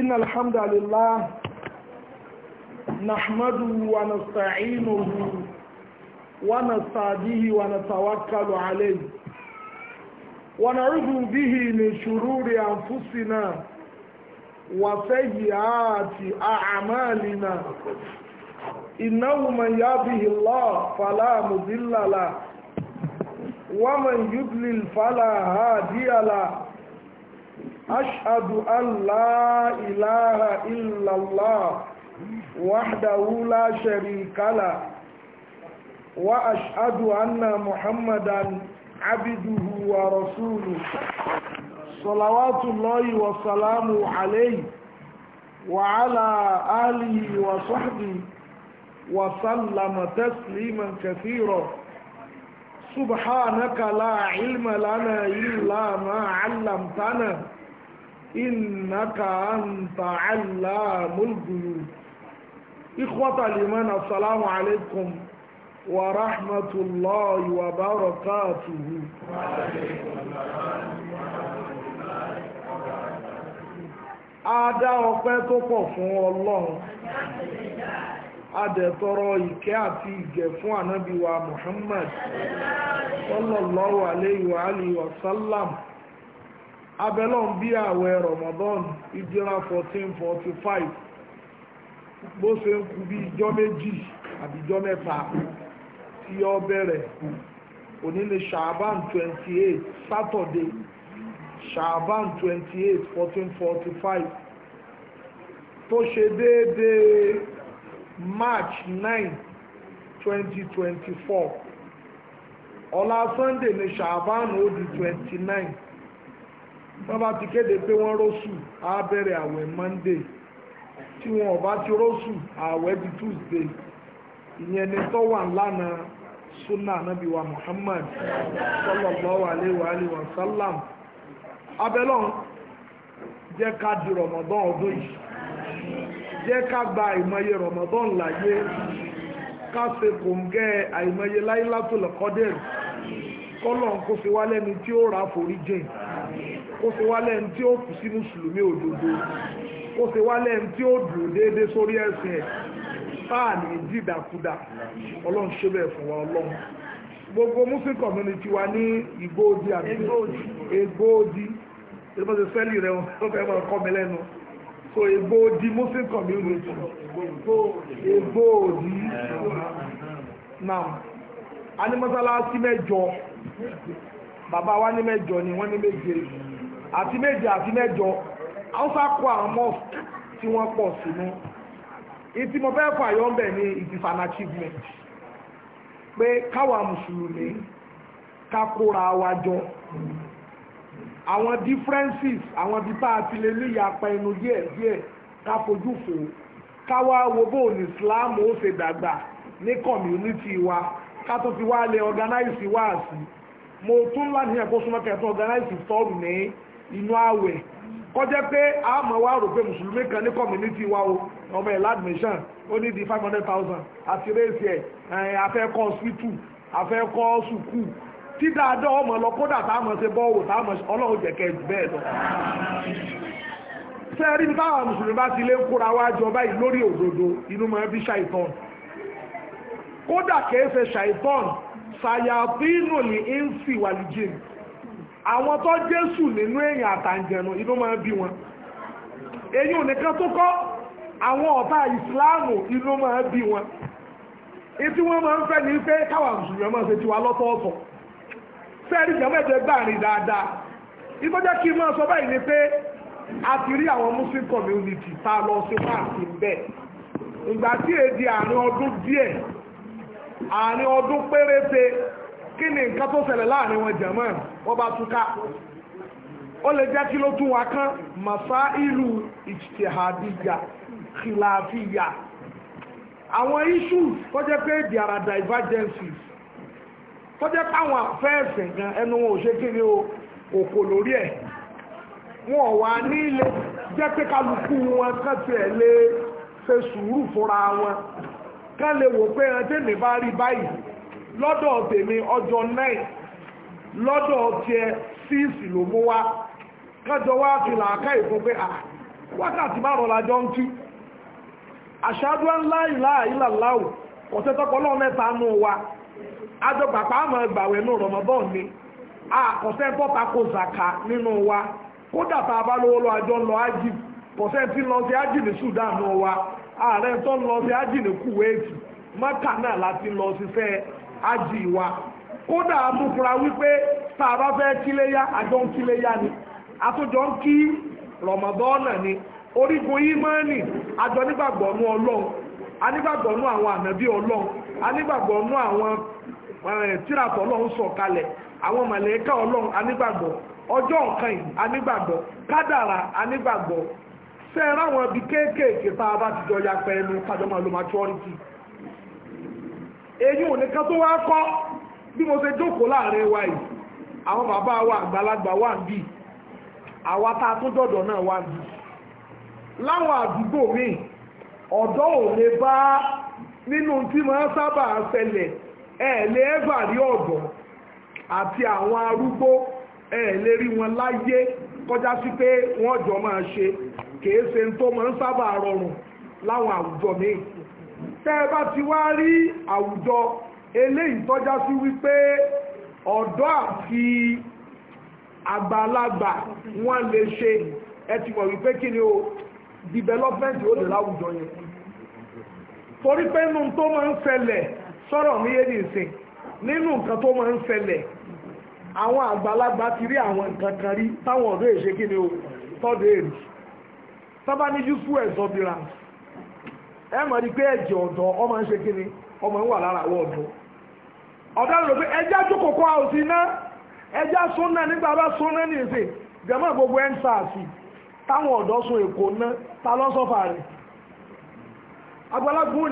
إن الحمد لله نحمده ونستعينه ونستهديه ونتوكل عليه ونعوذ به من شرور أنفسنا وسيئات أعمالنا إنه من يهده الله فلا مضل له ومن يضلل فلا هادي له أشهد أن لا إله إلا الله وحده لا شريك له وأشهد أن محمدا عبده ورسوله صلوات الله وسلامه عليه وعلى آله وصحبه وسلم تسليما كثيرا سبحانك لا علم لنا إلا ما علمتنا innaka anta allamul ghuyub ikhwata liman assalamu alaikum wa rahmatullahi wa barakatuhu a dá ọpẹ́ tó pọ̀ fún ọlọ́run a dẹ̀ tọrọ ìkẹ́ àti ìgẹ̀ fún ànábì wa muhammad sallallahu alaihi wa alihi wa sallam abẹ́lọ́n bí ààwẹ̀ Ramadan ìjìra 1445 bó ṣe ń kú bí ijọ́ méjì àbí ijọ́ mẹ́ta tí yọ bẹ̀rẹ̀ òní ni Shaban 28 Saturday Shaban 28 1445 tó ṣe déédéé March 9 2024 ọ̀la Sunday ni Shaban ó di 29 wọ́n bá ti kéde pé wọ́n róṣù á bẹ̀rẹ̀ àwẹ̀ monday tí wọn ò bá ti róṣù àwẹ̀ di tuesday ìyẹn ni tó wà lánàá sunna anabi wa muhammad sallallahu alayhi wa alayhi sallam jẹ́ ká di rọmọdán ọdún yìí jẹ́ ká gba àìmọye rọmọdán láyé ká ṣe kòǹgẹ́ àìmọye láyé látòlẹ̀kọ́dẹ̀rì kọ́lọ̀ ń kó fi wá lẹ́ni tí ó ra forí kó ṣe wá lẹ́nu tí ó kù sí mùsùlùmí òdodo kó ṣe wá lẹ́nu tí ó dùn déédéé sórí ẹ̀sìn ẹ̀ táà ọlọ́run ṣe bẹ́ẹ̀ fún wa ọlọ́run gbogbo muslim community wa ní ìgbóòdì àti ègbóòdì ìrọ́sẹ̀ sẹ́lì rẹ̀ ó fẹ́ máa kọ́ mi lẹ́nu so ègbóòdì muslim community ègbóòdì now bàbá wa ní mẹ́jọ ni wọ́n ní àti méje àti mẹ́jọ haúsá kó àwọn mosque tí wọ́n pọ̀ sínú ìtì mo fẹ́ fà yọ ọ́nbẹ̀ ni it is an achievement pé káwa mùsùlùmí ká kóra wa jọ àwọn differences àwọn ibi tá a ti lè ní ìyapa ẹnu díẹ̀ díẹ̀ ká fojú fò káwa wo bó ní Islam ó ṣe dàgbà ní community wa ká tó fi wá lè organize wá sí mo tún láti yàn kó súnmọ́ kẹ́ẹ̀tún organize tọ́ọ̀rù ní inú àwẹ̀ kọjá pé àmọ́ wa rò pé mùsùlùmí kan ní community wa o ọmọ ẹ̀ ladmission ó ní di five hundred thousand àti rẹ́ẹ̀sì ẹ̀ afẹ́kọ́ hospital afẹ́kọ́ sùkúù tí dáadáa ọmọ lọ kódà táàmọ̀ ṣe bọ́ọ̀wò táàmọ̀ ọlọ́run jẹ̀kẹ́ jù bẹ́ẹ̀ lọ sẹ́rí táwọn mùsùlùmí bá ti lé ń kóra wá jọ báyìí lórí òdodo inú máa bí ṣàìtàn kódà kìí ṣe ṣàìtàn ṣàyàtínù ní ínsì wàlìjìn àwọn tó jésù nínú èèyàn àtàǹjẹ̀nù inú máa bí wọn èyí ò nìkan tó kọ́ àwọn ọ̀tá ìsìláàmù inú máa bí wọn etí wọ́n máa ń fẹ́ ní pé káwà mùsùlùmí máa ṣe tiwa lọ́tọ̀ọ̀tọ̀ sẹ́ẹ̀rì jẹ́mọ́ ẹ̀jẹ̀ gbàrin dáadáa ìtọ́jẹ́ kí n máa sọ báyìí ni pé a ti rí àwọn muslim community ta lọ sí páàkì bẹ́ẹ̀ ìgbà tí èdè àárín ọdún díẹ̀ àárín ọdún péréte kí ni nǹkan tó ṣẹlẹ̀ láàrin wọn jẹ̀mọ́ wọ́n bá túká ó lè jẹ́ kí ló tún wa kán màsá ìlú ìjtihadiyya khilafiyya àwọn issues tó jẹ́ pé there divergences tó jẹ́ páwọn àfẹ́ẹ̀sìn gan ẹnu wọn ò ṣe kí ni òkò lórí ẹ̀ wọn ò wá ní ilé jẹ́ pé kálukú wọn kàn tiẹ̀ lè ṣe sùúrù fúnra wọn kán lè wò pé ẹni tẹ́lẹ̀ bá rí báyìí lọ́dọ̀ tèmi ọjọ́ 9 lọ́dọ̀ tiẹ̀ 6 ló mú wá kájọ wá fi làákà ìfún pé à ah, wákàtí márùn lájọ ń tú àṣáájú ńlá ìlà ìlàláwò ọ̀sẹ̀ tọ́pọ̀ náà mẹ́ta nù wa ájọ àmọ́ ni àkọ̀sẹ̀ tó tako zaka nínú wa kódà tá a bá lówó lọ àjọ ń ájì kọ̀sẹ̀ tí lọ sí ájì ní Sudan nù wa ààrẹ tó ń lọ sí ájì ní Kuwait mọ́kà láti lọ síṣẹ́ ájì ìwà kódà amúfura wípé tá a bá fẹ́ kíléyà àjọ ń kíléyà ni àtúnjọ ń kí rọ̀mọ̀dọ́nà ni orígun ìmọ̀ọ́nì àjọ nígbàgbọ́ nú ọlọ́run anígbàgbọ́ nú àwọn ànábì ọlọ́run anígbàgbọ́ nú àwọn eh, tíratọ̀ ọlọ́run sọ̀kalẹ̀ àwọn màlẹ́kà ọlọ́run anígbàgbọ́ ọjọ́ ọ̀kan yìí anígbàgbọ́ kádàrà anígbàgbọ́ sẹ́ẹ̀rọ àwọn ibi kéékèèké tá a bá ti jọ ya pẹ́ẹ́nu kájọ́ máa lo maturity èyí ò nìkan tó wá kọ́ bí mo ṣe jókòó láàrin wa yìí àwọn bàbá wa àgbàlagbà wà ń bì àwa tá tún dọ̀dọ̀ náà wà ń bì láwọn àdúgbò mi ọ̀dọ́ ò lè bá nínú tí máa sábà ṣẹlẹ̀ ẹ̀ lé rí ọ̀dọ́ àti àwọn arúgbó ẹ̀ ẹ̀ẹ̀lẹ́ rí wọn láyé kọjá sí pé wọ́n jọ máa ṣe kèése tó máa ń sábà rọrùn láwọn àwùjọ míì tẹ́ ẹ bá ti wá rí àwùjọ eléyìí tọ́já sí wípé ọ̀dọ́ àti àgbàlagbà wọ́n lè ṣe ẹ ti mọ̀ wípé kí ni o development ó lè láwùjọ yẹn torí pé nínú tó máa ń ṣẹlẹ̀ sọ̀rọ̀ ní yé nìsín nínú nǹkan tó máa ń ṣẹlẹ̀ àwọn àgbàlagbà ti rí àwọn nǹkan kan rí táwọn ọ̀dọ́ èṣe kí ni o tọ́dọ̀ èrì tábá ní useful exuberance ẹ mọ̀ ní pé ẹ̀jẹ̀ ọ̀dọ́ ọmọ ń ṣe kíni ọmọ ń wà lára àwọ̀ ọ̀dọ́ ọ̀dọ́ ló pé ẹjẹ́ àjókòkò àwòsí náà ẹjẹ́ súnà nígbà bá súnà ní ìsìn gẹ̀mọ́ gbogbo ẹ̀ ń sàásì táwọn ọ̀dọ́ sun èkó ná ta lọ́ sọ́fà rẹ̀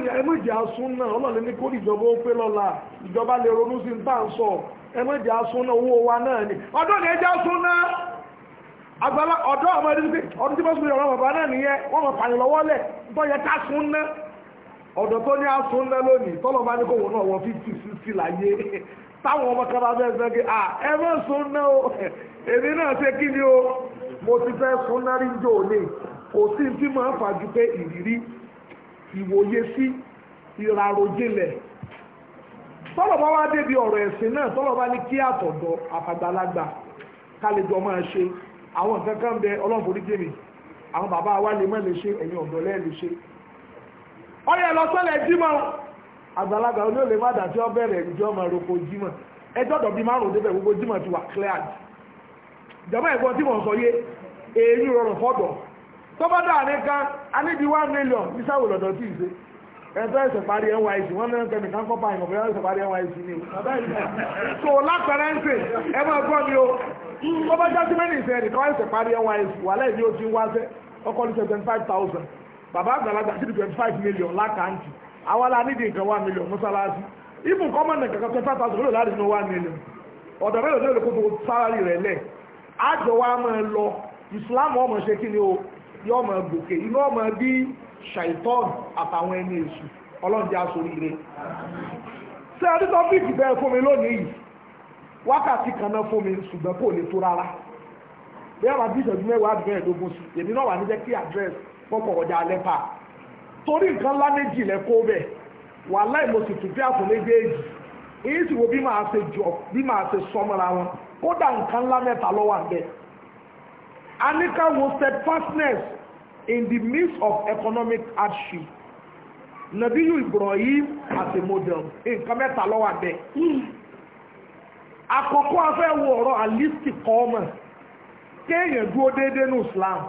ni ẹmọ́jà súnà ọlọ́lẹ́ ní kó ìjọba ó pé lọ́la ìjọba lè ronú sí ń tà ń sọ ẹmọ́jà owó wa náà ni ọdún ni ẹjẹ́ àgbàlá ọ̀dọ́ àwọn ẹni pé ọdún tí bọ́sùn ìrọ̀rùn bàbá náà nìyẹn wọ́n mọ̀ pààyàn lọ́wọ́ lẹ̀ tó yẹ ká sún ná ọ̀dọ̀ tó ní àsún ná lónìí tọ́lọ̀ bá ní kò wọ́n náà wọ́n fifty sixty láyé táwọn ọmọ kan bá bẹ́ẹ̀ sẹ́kẹ́ à ẹ mọ̀ sún ná o èmi náà ṣe kí ni o mo ti fẹ́ sún ná rí jò ní kò sí tí mo ń fàájú pé ìrírí ìwòye sí ìrarojinlẹ̀ tọ́lọ̀ bá wá débi ọ̀rọ̀ ẹ̀sìn náà tọ́lọ̀ bá ní kí àtọ̀dọ̀ àfàgbàlagbà ká lè jọ máa ṣe àwọn nǹkan kan bẹ ọlọ́run forí jèmi àwọn bàbá wa lè mọ́ lè ṣe ẹ̀yin ọ̀dọ́ lẹ́ẹ̀ lè ṣe ọyẹ lọ sọ́lẹ̀ jímọ̀ àgbàlagbà olóò lè má dàtí ọ bẹ̀rẹ̀ ìjọ ọmọ roko jímọ̀ ẹjọ́dọ̀ bíi márùn-ún débẹ̀ gbogbo jímọ̀ ti wà cleared ìjọba ẹ̀gbọ́n tí mò ń sọ yé èyí rọrùn fọ́dọ̀ tó bá dà ní kan aníbi one million nísàwò lọ́dọ̀ tí ì ṣe ẹ̀fẹ́ ẹ̀sẹ̀ parí NYSC wọ́n náà kẹ́mi kan kọ́pà ìmọ̀ bóyá ẹ̀sẹ̀ parí NYSC ni o so lápẹ̀rẹ́ ń sè ẹ máa gbọ́ mi o wọ́n bá já sí mẹ́rin ìsẹ̀ ẹ̀nìkan ẹ̀sẹ̀ parí ẹ̀wọ̀n ẹ̀sùn wà lẹ́yìn ó ti wá sẹ́ ọkọ ní twenty five thousand bàbá àgbàlagbà sí twenty five million lákàntì àwa la nídìí nǹkan one million mọ́sálásí ibù kọ́mọ̀nà kankan twenty five thousand olóòlù láti ní one million ọ̀dọ̀ mẹ́rin olóòlù kó tó sálárì rẹ̀ lẹ̀ àjọ wa máa lọ ìsìlámù ọmọ ṣe kí ni o yọ ọmọ gòkè iná ọmọ bí ṣàìtọ́n àtàwọn ẹni èṣù ọlọ́run jẹ́ aṣọ oríire. sẹ́ẹ̀dí tọ́pìkì bẹ́ẹ̀ fún mi lónìí yìí wákàtí kan náà fún mi ṣùgbọ́n kò lè tó rárá bí a máa bí ìṣẹ́jú mẹ́wàá àdúgbò ẹ̀ẹ́dógún sí èmi náà wà ní jẹ́ kí àdírẹ́sì kọ́kọ́ ọjà alẹ́ pa torí nǹkan ńlá méjì lẹ́kọ́ bẹ̀ wà láì mo sì tún bí àtún méjèèjì èyí sì wo bí màá ṣe jọ bí màá ṣe sọmọra wọn kódà nǹkan ńlá mẹ́ta ló wà ńbẹ̀. a ní ká wo steadfastness in the midst of economic hardship Nabiyu Ibrahim as a model nǹkan mẹ́ta ló wà ńbẹ̀. Akụkụ afẹ́ wo alisti kọ́ọ̀mọ̀ kéèyàn dúró déédéé ní Islam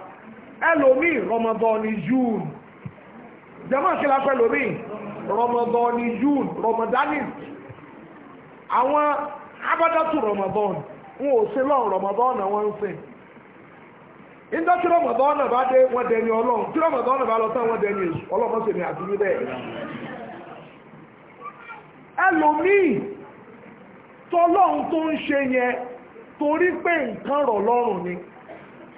ẹlòmíì rọmọdọ́ni June la June rọmọdání àwọn abádàtú rọmọdọ́n wọn ò ṣe lọ́n rọmọdọ́n náà ń sìn nígbà tí rọmọdọ́n bá dé wọ́n dẹni ọlọ́run tí rọmọdọ́n bá lọ dẹni tọ́lọ́run tó ń ṣe yẹn torí pé nǹkan rọ̀ lọ́rùn ni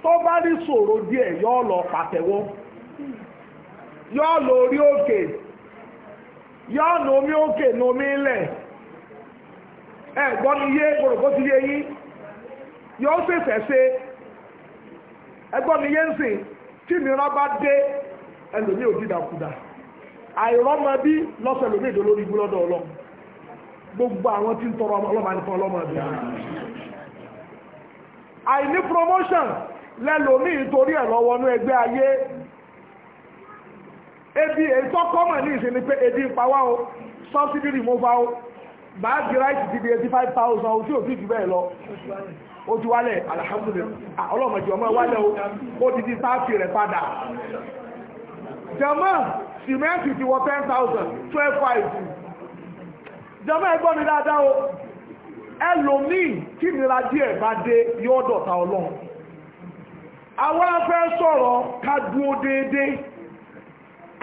tó bá rí ṣòro díẹ̀ yóò lọ pàtẹ́wọ́ yóò lọ orí òkè yóò nà omi òkè nà omi ilẹ̀ ẹ̀gbọ́n mi yé gbòrògbó ti yé yín yóò ṣèṣẹ̀ ṣe ẹ̀gbọ́n mi yé ń sìn tí mìíràn bá dé ẹlòmíì ò dídàkudà àìrọ́mọbí lọ́sọ̀ ẹlòmíì ìdólórí ibú lọ́dọ̀ ọlọ́run gbogbo àwọn tí ń tọrọ ọlọ́mà ní fún ọlọ́mà bí àìní promotion lẹ́lòmí torí ẹ̀ lọ́wọ́ ní ẹgbẹ́ ayé ebi ètò kọ́mọ̀ ní ìsinmi pé ebi ń pa wá o subsidy removal o báàgì ráìtì ti di eighty five thousand o tí ò sì jù bẹ́ẹ̀ lọ ó ti wálẹ̀ alhamdulilayi ah, ọlọ́mọdé ọmọ wálẹ̀ o ó ti di sáàfì rẹ̀ padà jẹ́mọ́ sìmẹ́ǹtì ti wọ ten thousand twelve five jọmọ́ ẹgbọ́n mi dáadáa o ẹlòmíì kí nira díẹ̀ bá dé yóò dọ̀ta ọlọ́run àwọn afẹ́ sọ̀rọ̀ ká dúó déédéé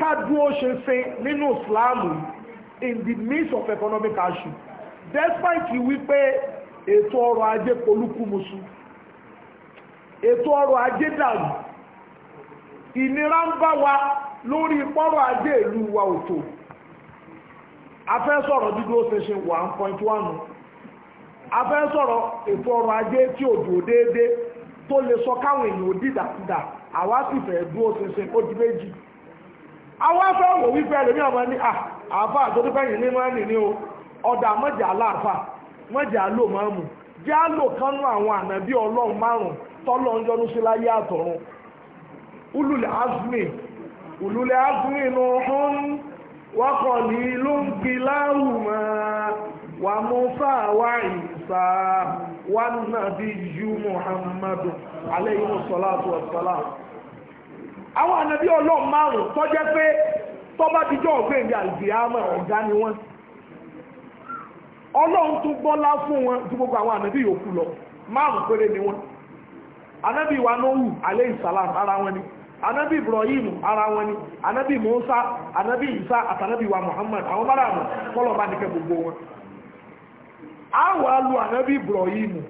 ká dúó ṣinṣin nínú ìsìláàmù in the midst of economic issue despite wípé ètò ọrọ̀ ajé polúkúmuṣu ètò ọrọ̀ ajé dàrú ìnira ń bá wa lórí pọ́rọ̀ ajé ìlú wa òtò afẹ́ sọ̀rọ̀ dídúró ṣinṣin 1.1 afẹ́ sọ̀rọ̀ ètò ọrọ̀ ajé tí ò dúró déédé tó lè sọ káwọn èèyàn ò dìdàkudà àwa sì fẹ́ dúró ṣinṣin ó di méjì àwa fẹ́ wò wípé ẹlòmíì ọmọ ní àfa ah, àtọ́dúpẹ́yìn ní máa ń nìní o ọ̀dà mọ́jà aláàfà mọ́jà máa mú àwọn ànábí ọlọ́run márùn tọ́lọ́ ń yọnu sí láyé àtọ̀run وقليل كلاهما وموسى وعيسى والنبي محمد عليه الصلاة والسلام àwọn ànábì ọlọ́run márùn-ún tó jẹ́ pé tó bá ti jọ ọ̀gbẹ́ ìdí àlùbíàmọ̀ ọ̀gá ni wọ́n ọlọ́run tún gbọ́lá fún wọn ju gbogbo àwọn ànábì yòókù lọ márùn-ún ni wọ́n wa ni anabi ibrahim ara wọn anabi musa anabi isa àtànabi wa muhammad àwọn bára wọn kọlọ bá gbogbo wọn a wà lu anabi ibrahim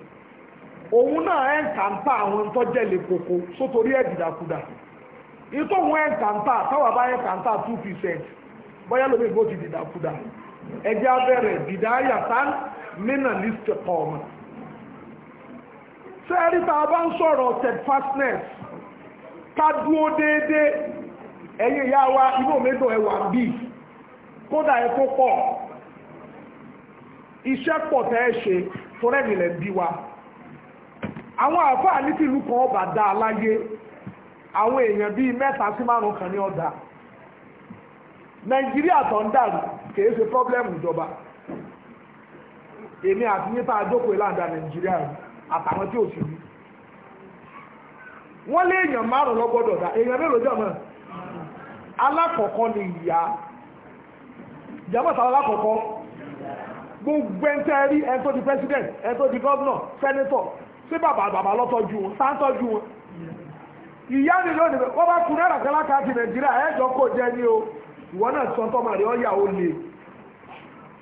òun náà ẹ̀ ń kàńtà àwọn tó jẹ́ lè koko sótórí ẹ̀ dìdàkudà ìtò òun ẹ̀ ń kàńtà táwa bá ẹ̀ kàńtà two percent bóyá lómi ìbò ti dìdàkudà abẹ́rẹ́ tá a bá ń sọ̀rọ̀ steadfastness ká dúó déédéé ẹ̀yin ìyá wa inú òmèdò ẹwà bí kódà ẹ tó pọ̀ iṣẹ́ pọ̀ tẹ́ ẹ bí wa àwọn àfáà ní tìlú kan ọba dá láyé àwọn èèyàn bíi mẹ́ta sí márùn kan ní ọ̀dà nàìjíríà tó ń dàrú kìí ṣe pọ́blẹ́mù ìjọba èmi wọ́n lé èèyàn márùn ló gbọ́dọ̀ dá èèyàn mélòó jọmọ́ alákọ̀ọ́kọ́ ni ìyá ìjàmọ́ sára alákọ̀ọ́kọ́ gbogbo ẹntẹ́ rí ẹn tó di president ẹn tó di governor senator sí bàbá bàbá lọ́tọ́jú wọn sáńtọ́jú wọn ìyá ni lónìí wọ́n bá kun náírà kan láka ti nàìjíríà ẹ̀jọ́ kò jẹ́ ní o ìwọ náà sọ tọ́mọ rẹ̀ ọ̀yà ó le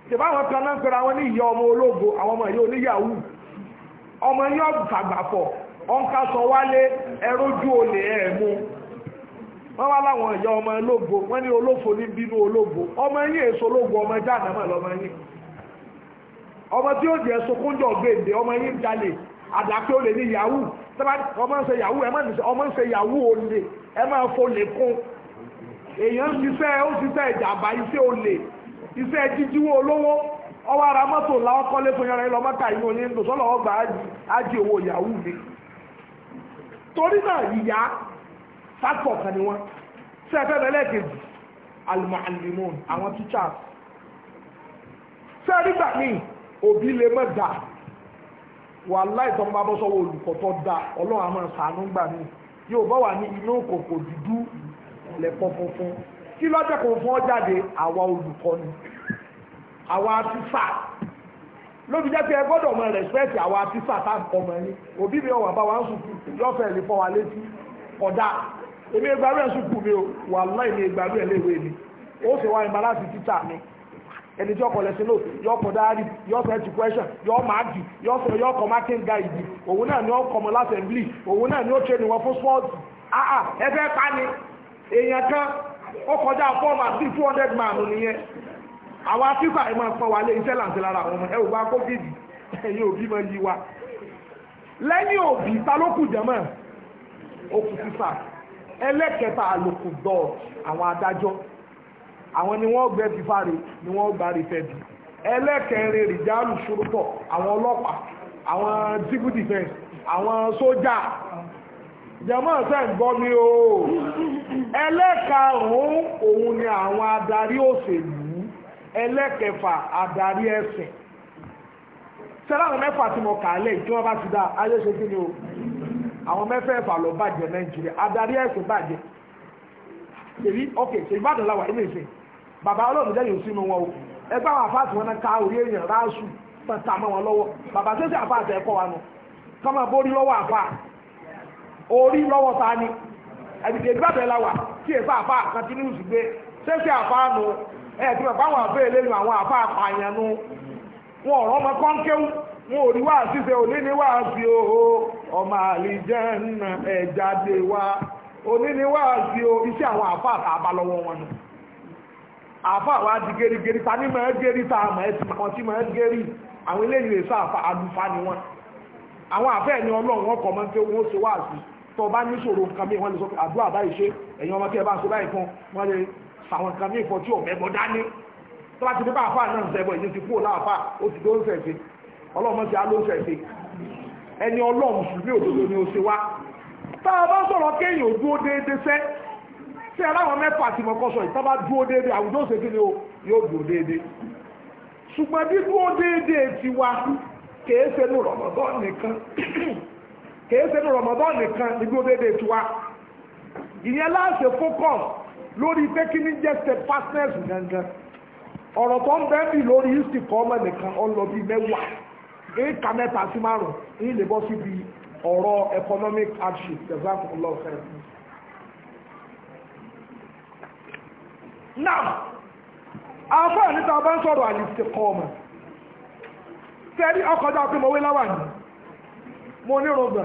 tìbá àwọn kan náà ń pera wọn ní ìyá ọmọ ológo àwọn ọmọ yìí oníyàwó ọmọ yìí ọ̀gbàgbàfọ̀ ọ̀nká sọ wálé ẹrójú olè ẹ̀ mú wọ́n wá láwọn ìyá ọmọ ológo wọ́n ní olófo ní bínú ọmọ yìí èso ọmọ ẹja lọ́mọ ọmọ tí ó jẹ sokúnjọ gbèǹde ọmọ yìí jalè àdàpé olè ní yahoo ọmọ ń ṣe yahoo ẹ má ní ọmọ ń yahoo olè ẹ fo kún èèyàn ṣiṣẹ́ ó ṣiṣẹ́ ìjàmbá iṣẹ́ olè iṣẹ́ jíjíwó olówó ọwọ́ ara mọ́tò torí náà ìyá fásitọ̀ kan ni wọ́n tí ẹ fẹ́ bẹ̀rẹ̀ kejì almuallimun àwọn teachers sẹ́ẹ̀rí gbà mí òbí lè mọ̀ dà wàláì tó ń bá bọ́ sọ́wọ́ olùkọ́ tó da ọlọ́run àmọ́ sàánú gbà mí yóò bá wà ní inú kòkò dúdú lẹ́pọ̀ funfun kí lọ́jọ́ kò fún ọ jáde àwa olùkọ́ ni àwa tíṣà lóbi jẹ́ pé ẹ gbọ́dọ̀ mọ respect àwọn tíṣà tá a kọ́ mọ ẹni òbí mi ọ̀wà bá wa ń sùkú yọ̀fẹ́ lè fọ́ wa létí ọ̀dà èmi ìgbàlú ẹ̀ sùkú mi o wà láì ní ìgbàlú ẹ̀ léwe mi ó sì wá ìmọ̀ láti tíṣà mi ẹni tí ọkọ̀ lẹ́sìn náà yọ ọkọ̀ dáárì yọ sọ ẹtì question yọ máàkì yọ sọ yọ ọkọ̀ marking guide òun náà ni ọkọ̀ mọ lásẹ̀mblì òun náà ni ó ṣe nìwọ̀n fún spọ́ọ̀tì ẹ fẹ́ pa ni èèyàn kan ó kọjá fọ́ọ̀mù àti two hundred man nìyẹn àwọn afífà ẹ̀ máa pọn wà lé iṣẹ́ làǹtí lára àwọn ọmọ ẹ̀ ò bá covid ẹ̀yin òbí máa yí wa lẹ́yìn òbí ta ló kù jẹ́mọ̀ okùn sísà ẹlẹ́kẹta àlòkù dọ̀ àwọn adájọ́ àwọn ni wọ́n gbẹ́ bí fáre ni wọ́n gbá rí fẹ́ bí ẹlẹ́kẹrin rìjálù ṣòrótọ̀ àwọn ọlọ́pàá àwọn civil defence àwọn sójà jẹ́mọ̀ ṣe ń gbọ́ mi o ẹlẹ́karùn-ún òun ni àwọn adarí òṣèlú ẹlẹ́kẹfà àdarí ẹ̀sìn sẹ́lá àwọn mẹ́fà tí mo kà á lẹ̀ tí wọ́n bá ti dá ayé ṣe kí ni o àwọn mẹ́fẹ̀ẹ̀fà ló bàjẹ́ nàìjíríà àdarí ẹ̀sìn bàjẹ́ ṣèlú ok ṣèlú bàdàn làwà ilé ìsìn bàbá ọlọ́run jẹ́ yòó sínú wọn o ẹgbẹ́ àwọn àfáàtì wọn ká orí èèyàn ráṣù pẹ̀tà mọ́ wọn lọ́wọ́ bàbá tó ṣe àfáàtì ẹ̀kọ́ wa nù kọ́mọ borí lọ́wọ́ àfà orí lọ́wọ́ ta ni ẹ̀dìdì ìgbàdàn làwà kí èèfà àfà kan ti ní ìsùgbé ṣé ṣe àfáà nù ẹ̀ tí bàbá àwọn àfẹ́ eléyìí àwọn àfá àpààyàn wọn ọ̀rọ̀ ọmọ wọn ò rí wá síse òní ní wá ọmọ wá àwọn àfá àtàbà lọ́wọ́ wọn àfá àwọn di gerigeri ta ni ẹ́ ta ẹ́ ẹ́ àwọn eléyìí lè sọ ni wọn àwọn ẹ̀ ọlọ́run wọn kọ̀ ṣe wá bá wọ́n lè sọ fàwọn nǹkan mí ìfọ̀tí ò mẹ́bọ dání tó bá ti dé bá àfà náà ń sẹ́bọ̀ èyí ti kúrò láàfà ó ti tó ń sẹ̀sẹ̀ ọlọ́run ti á ló ń sẹ̀sẹ̀ ẹni ọlọ́run mùsùlùmí òdodo ni ó ṣe wá tá a bá sọ̀rọ̀ kéèyàn ò dúró déédé sẹ́ tí aláwọ̀ mẹ́fà àti mọ̀kọ́sọ̀ ìtọ́ bá dúró déédé àwùjọ òṣèké ni yóò dúró déédé ṣùgbọ́n bí dúró déédé ti wá kèé ṣe ní rọ̀mọ́dán nìkan kèé ṣe ní rọ̀mọ́dán nìkan ní dúró déédé ti wá ìyẹn láṣẹ fókọ̀sì lórí pé kí ní jẹ́ steadfastness gangan ọ̀rọ̀ tó ń bẹ́ẹ̀ bì lórí ìsìn kọ́ ọmọ nìkan ọlọ bíi mẹ́wàá èèkà mẹ́ta sí márùn ní ilé bọ́ síbi ọ̀rọ̀ economic hardship example lọ́sẹ̀. now àfáà níta bá ń sọ̀rọ̀ àlìsí kọ́ ọmọ tẹ́rí ọkọ̀dá pé mo wé láwà ní mo ní rọgbà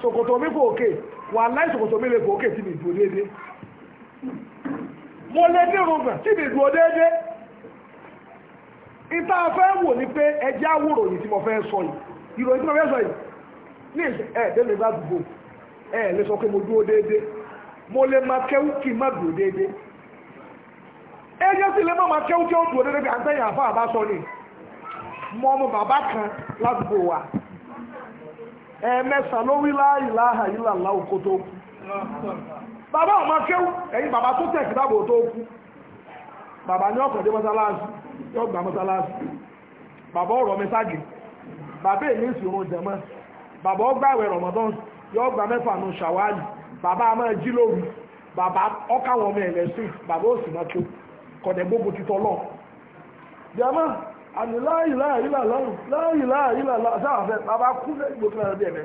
ṣòkòtò mi fò òkè wà láì ṣòkòtò mi lè fò òkè tí mi ìdúró déédéé mo lè ní irùngbọ̀n tí mi dúró déédé ìta fẹ́ wò ní pé ẹjẹ́ àwòrò yìí tí mo fẹ́ sọ yìí ìròyìn tí mo fẹ́ sọ yìí ní ẹ̀ délé bá ẹ̀ lè sọ pé mo dúró déédé n má déédé ẹjẹ́ sì lè má sọ ni ọmọ bàbá kan wa ló wí láàyè láàyè bàbá ọmọ kéwú ẹ̀yìn bàbá tó tẹ̀sí bàbá tó kú bàbá ní ọkọ̀ dé mọ́sálásí yóò gbà mọ́sálásí bàbá ọ̀rọ̀ mẹ́sàgì bàbá èmi ń sùn jẹ̀mọ́ bàbá ọgbà ẹ̀wẹ̀ rọ̀mọ́dán yóò gbà mẹ́fà nù ṣàwálì bàbá a máa jí lóru bàbá ọkàwọn ọmọ ẹ̀lẹ́sìn bàbá òsì máa tó kọ̀dẹ̀ gbógun títọ́ lọ jẹ́mọ́ àmì láàyè láàyè láàyè láàyè láàyè láàyè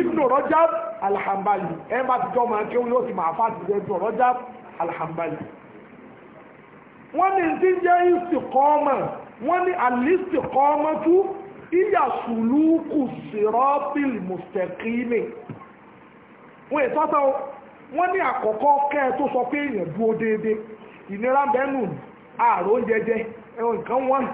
ibnu rajab alhambali ẹ bá ti jọ máa kéwú yóò ti máa fà sí ibnu rajab alhambali wọ́n ní ti jẹ́ istiqama wọ́n ní alistiqama tú iya sùlùkù siratil mustaqimi wọ́n ìtọ́tọ́ wọ́n ní àkọ́kọ́ kẹ́ tó sọ pé èèyàn dúó déédé ìnira bẹ́ẹ̀nù ààrùn jẹjẹ ẹ̀wọ̀n nǹkan wọ́n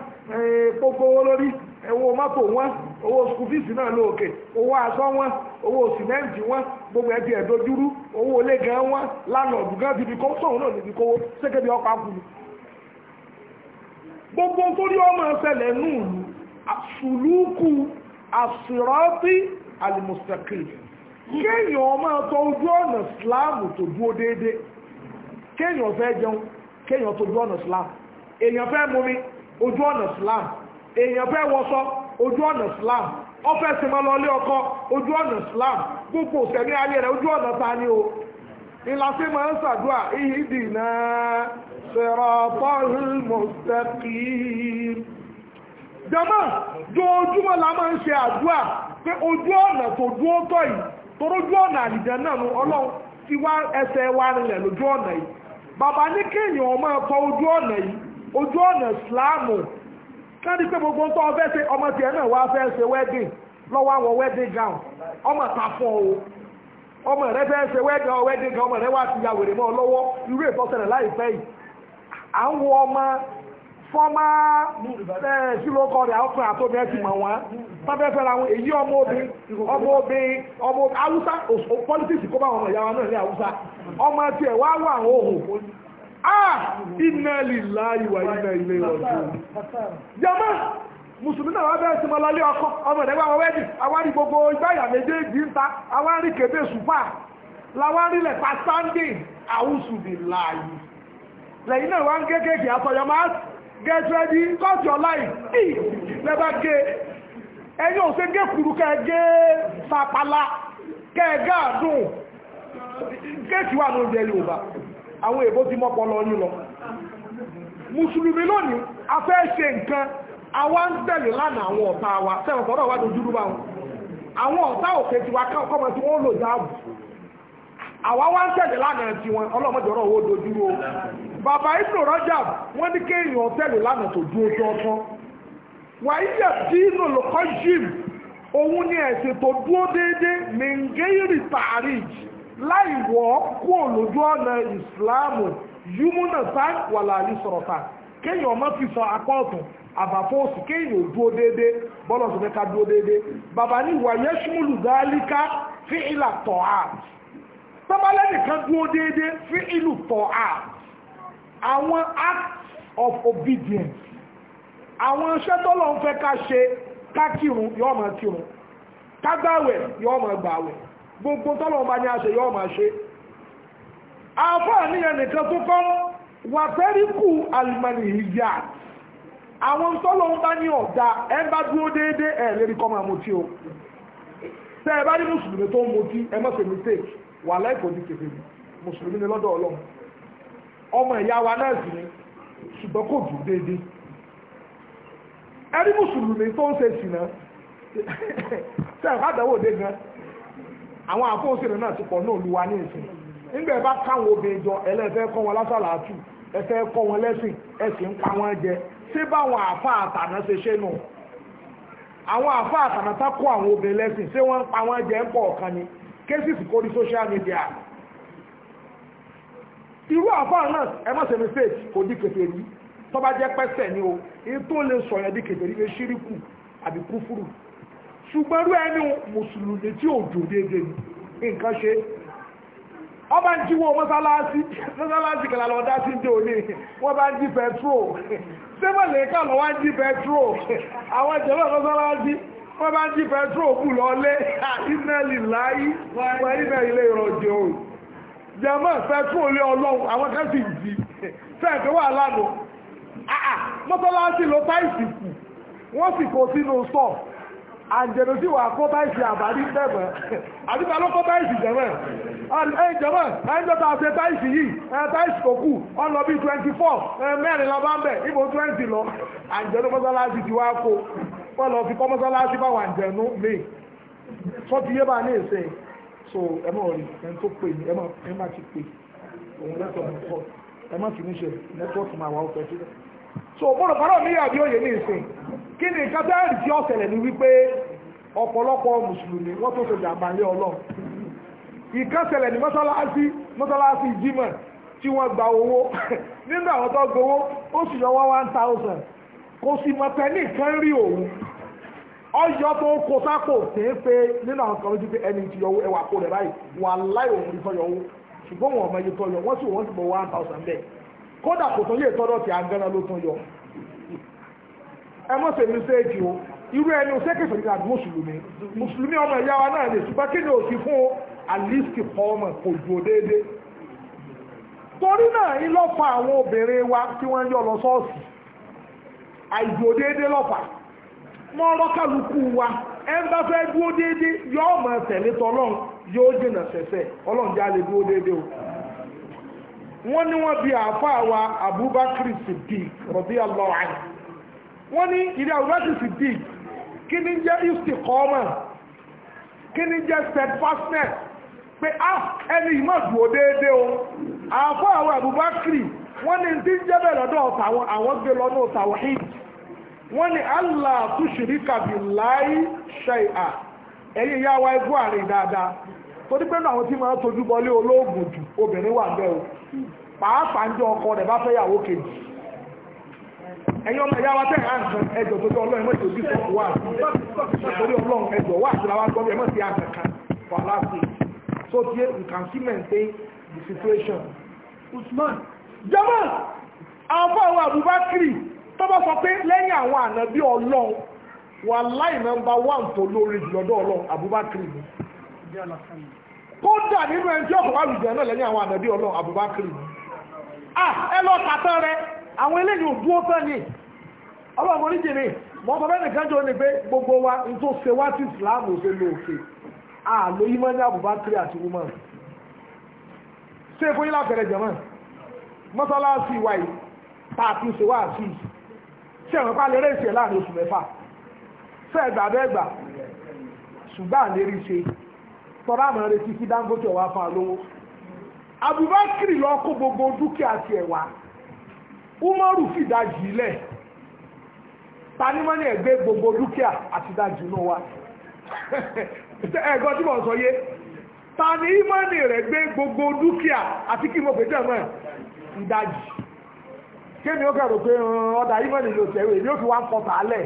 epo gbówó lórí ẹ̀wọ̀n mọ́tò wọ́n owó skul fíìsì náà lóòkè owó aṣọ wọn owó sìmẹ́ǹtì wọn gbogbo ẹbí ẹ̀dójúrú owó olé gan wọn lánà ọ̀dùnkàn ti fi kó sóhun náà níbi kówó sékèbí ọkọ̀ akùnú. gbogbo torí ọmọ ẹsẹ̀lẹ̀ núùlù sùlùkù àṣìrọ́tì àlùmọ̀sẹ̀kì kéèyàn ọmọ ẹ̀tọ́ ojú ọ̀nà síláàmù tó dúró déédéé kéèyàn fẹ́ jẹun kéèyàn tó ojú ọ̀nà síláàmù èèyàn fẹ́ mumi ojú ọ̀nà síláàmù èèyàn fẹ́ wọ́sọ́ ojú ọ̀nà slam ọfẹ́ máa lọ ọkọ ojú ọ̀nà slam gbogbo òsèlú ayé rẹ̀ ojú ọ̀nà ta ni o ìlàsí máa ń ṣàdúrà ihdina siratal jọ jama la máa ń ṣe àdúrà pé ojú ọ̀nà tó yìí ọ̀nà àlìjẹ náà nu ọlọ́run ti wá wa rinlẹ̀ lójú ọ̀nà yìí bàbá ní kéèyàn ọmọ ẹ̀kọ́ ojú ọ̀nà ojú ọ̀nà káàdì pé gbogbo ń tọ́ ọ fẹ́ ṣe ọmọ tiẹ̀ náà wá fẹ́ ṣe wedding lọ́wọ́ àwọn wedding gown ọmọ ta fún ọ ọmọ rẹ fẹ́ wedding gown wedding gown ọmọ rẹ wá ya wèrè mọ́ ọ lọ́wọ́ irú ìtọ́sẹ̀rẹ̀ láìpẹ́ yìí à ń wo ọmọ fọ́mà sílókọ rẹ̀ ọkùnrin ẹ̀ ti mọ̀ wọ́n fẹ́ra wọn èyí ọmọ ọmọ ọmọ politics kó bá wọn náà ní ọmọ tiẹ̀ wá wà ah i lillahi wa inna ilé raji'un jama musulmi náà wá bẹ́ẹ̀ sí mọ́lọ́lé ọkọ̀ ọmọ ìdẹ́gbà wọ́n wẹ́dì àwárí gbogbo ìgbáyà méjèèjì ń ta àwárí sáńdì láàyè náà wá ń kéékèèké àtọ̀yọmá gẹ́ẹ̀tẹ́ẹ̀dì kọ́ọ̀tì ọláì lẹ́bà gé ẹ̀yìn gé fapala àwọn èbó ti mọ́pọ̀ lọ yín lọ mùsùlùmí lónìí a fẹ́ ṣe nǹkan àwa ń tẹ̀lé lánàá àwọn ọ̀tá wa sẹ́wọ̀n sọ́dọ̀ wá dojú rú wọn àwọn ọ̀tá òkè tí wa kọ́mọ tí wọ́n lò dáàbò àwa wá ń tẹ̀lé lánàá tí wọn owó dojú rú o bàbá Ibn wọ́n ní kéèyàn tẹ̀lé lánàá tó dúró tó ọtán láì wọ́ kú òlójú ọ̀nà ìsìláàmù yúmúnà tán wà láàrin sọ̀rọ̀ tán kéèyàn ọmọ fi sọ apá ọ̀tún àbàfọ́ òsì kéèyàn ò dúó déédé bọ́lọ̀ sí mẹ́ka dúó déédé bàbá ní ìwà yẹn ṣúmùlù gáálíkà fi ìlà tọ̀ á tọ́bálẹ́nìkan dúó déédé fi ìlú tọ̀ á àwọn acts of obedience àwọn iṣẹ́ tọ́lọ́ ń fẹ́ ká ṣe ká kírun yóò máa kírun ká gbàwẹ̀ yóò máa gbàwẹ̀ gbogbo tọ́lọ̀ bá ní aṣe yọ́ máa ṣe àfáà níyẹn nìkan tó kọ́ wà tẹ́ríkù alìmọ̀lì ìyá àwọn tọ́lọ̀ bá ní ọ̀dà ẹ bá dúró déédé ẹ̀ lérí kọ́ máa mutí o tẹ́ ẹ bá ní mùsùlùmí tó ń mutí ẹ má ṣe mistake wà láìpọ̀ ní kèfè mùsùlùmí ni lọ́dọ̀ ọlọ́run ọmọ ìyá wa náà sì ni ṣùgbọ́n kò dùn déédé ẹni mùsùlùmí tó ń ṣe sìnà tẹ́ ẹ̀ bá dáwọ́ dé gan-an àwọn àfóòsèrè náà ti pọ̀ náà olúwa ní ìsìn nígbà ẹ bá káwọn obìnrin jọ ẹlẹ́fẹ́ kọ́ wọn lásàlátù ẹfẹ́ kọ́ wọn lẹ́sìn ẹ̀sìn ń pa wọ́n jẹ ṣé báwọn àfa àtàná ṣe ṣe nù àwọn àfa àtàná tá kó àwọn obìnrin lẹ́sìn ṣé wọ́n ń pa wọ́n jẹ ń pọ̀ ọ̀kan ni kéṣìṣì kórí social media irú àfa náà ẹ má ṣe mistake kò di kèfèrí tó jẹ́ pẹ́sẹ̀ ni o èyí tó lè sọ̀yàn ṣùgbọ́n rú ẹni mùsùlùmí tí ò jò déédé nǹkan ṣe wọ́n bá ń jíwọ́ mọ́sálásí mọ́sálásí kẹlà lọ dá sí dé òní wọ́n bá ń jí pẹtrò sẹ́mọ̀lẹ́kà lọ wá ń jí pẹtrò àwọn ìjọba mọ́sálásí wọ́n bá ń jí pẹtrò kù lọ́lé ìmẹ́lì láyé wọ́n ìmẹ́lì lè rọ̀jò jẹ́mọ́ pẹtrò lé ọlọ́run àwọn kan sì jí fẹ́ẹ̀kẹ́ wà lánàá mọ́sálásí ló táìsì kù wọ́n sì kó sínú sọ́ọ̀ àjẹ̀dọ̀ sí wà kó báyìí àbárí tẹ̀mọ̀ àdúgbà ló kó báyìí jẹ̀mọ̀ ẹ̀yìn jẹ̀mọ̀ ẹ̀yìn jọ́ta ṣe báyìí yìí báyìí kò kù ọlọ bí twenty four mẹ́rin lọ bá ń bẹ̀ ibo twenty lọ àjẹ̀dọ̀ mọ́sálásí ti wá kó wọ́n lọ fi kọ́ mọ́sálásí bá wà jẹ̀nu lè sọ ti yé bá ní ìsẹ̀ so ẹ má rí ẹni tó pè ní ẹ má ti pè òun lẹ́tọ̀ọ́ ẹ má fi níṣẹ́ nẹ́tíwọ́ọ̀kì máa wà ó fẹ́ sílẹ̀ so bọ́dọ̀ fara òye ní ìsìn kí ni nǹkan tẹ́ ẹ̀rì tí ó ṣẹlẹ̀ ní wípé ọ̀pọ̀lọpọ̀ mùsùlùmí wọ́n tó ṣèjà àbálẹ́ ọlọ́run ìkan ṣẹlẹ̀ ní mọ́sálásí mọ́sálásí gba owó nínú àwọn tó gbowó ó sì one thousand kò sì mọ̀ rí òun ọyọ tó kó sápò ń pe nínú àwọn kan lójú pé ẹni ẹwà kó báyìí wà láì òun ṣùgbọ́n wọn ọmọ sì one thousand kódà kò tó lè tọ́dọ̀ tí a ń gánà ló tún yọ ẹ mọ́ sèmi o irú ẹni sẹ́kẹ̀sì ní àti mùsùlùmí mùsùlùmí ọmọ ìyá wa náà lè ṣùgbọ́n kí ni òsì fún àlìsì pọ́ọ̀mù kò jù déédé torí náà ń lọ́fà àwọn obìnrin wa tí wọ́n yọ lọ sọ́ọ̀sì àìjù déédé lọ́fà mọ́ ọlọ́kàlùkù wa ẹ ń bá fẹ́ dúró déédé yọ ọmọ tẹ̀lé tọ́lọ́run yóò jìnà sẹ̀sẹ̀ ọlọ́run já lè dúró déédé o. wọ́n ní wọ́n bi àáfàá wa Abubakar Siddiq radiyallahu anhu wọ́n ní ìdí Abubakar Siddiq kí ni jẹ́ istiqama kí ni jẹ́ steadfastness pé á ah, ẹni ìmọ̀ dùn ó déédéé o àáfàá Abubakar wọ́n ní ti ń jẹ́ lọ́dọ̀ ọ̀tàwọn àwọn gbé lọ́nà ọ̀tàwọn hìj wọ́n ní Allah tushirika billahi shay'a ẹ̀yin ìyá wa ẹgbọ́ àrè dáadáa torí pé náà àwọn tí máa tójú bọlé olóògùn jù obìnrin wà bẹ́ẹ̀ o pàápàá ń jọ ọkọ rẹ̀ bá fẹ́ yàwó kejì ẹ̀yin ọmọ ìyá wa tẹ̀ hàn kan ẹjọ́ tó jọ ọlọ́run mọ̀tò kan for so we maintain the situation. Usman àwọn àwọn Abubakar tọ́bọ̀ sọ pé lẹ́yìn àwọn ànábí ọlọ́run wà láì nọ́mbà one tó lórí jùlọ́dọ̀ ọlọ́run Abubakar ni. kódà nínú ẹni ọ̀pọ̀ àlùjẹ́ náà lẹ́yìn àwọn ànàbí ọlọ́run àbúbákiri ah ẹ lọ rẹ àwọn eléyìí ò dúró ni ọlọ́run oníjìnì mọ́ gbogbo wa n tó ṣe wá sí islam ṣe lò òkè ati yìí máa ní àbúbákiri àti woman ṣé èkó yìí lápẹ̀rẹ̀ jẹ̀mọ́ mọ́sálásí wa yìí tá a ṣe wá sí tọ́lá àmọ́ retí kí Dangote ọ̀wá fún alówó Abubakar lọ gbogbo dúkìá tiẹ̀ wá Umaru fìdajì lẹ̀ tanimọ́ni ẹ̀gbẹ́ gbogbo dúkìá àti ìdajì náà wá ẹ̀gbọ́n tí mo sọ yé tani rẹ̀ gbé gbogbo dúkìá àti kí mo pèjọ mọ́ ó pé ọ̀dà imani ló tẹ̀wé ó fi wá ń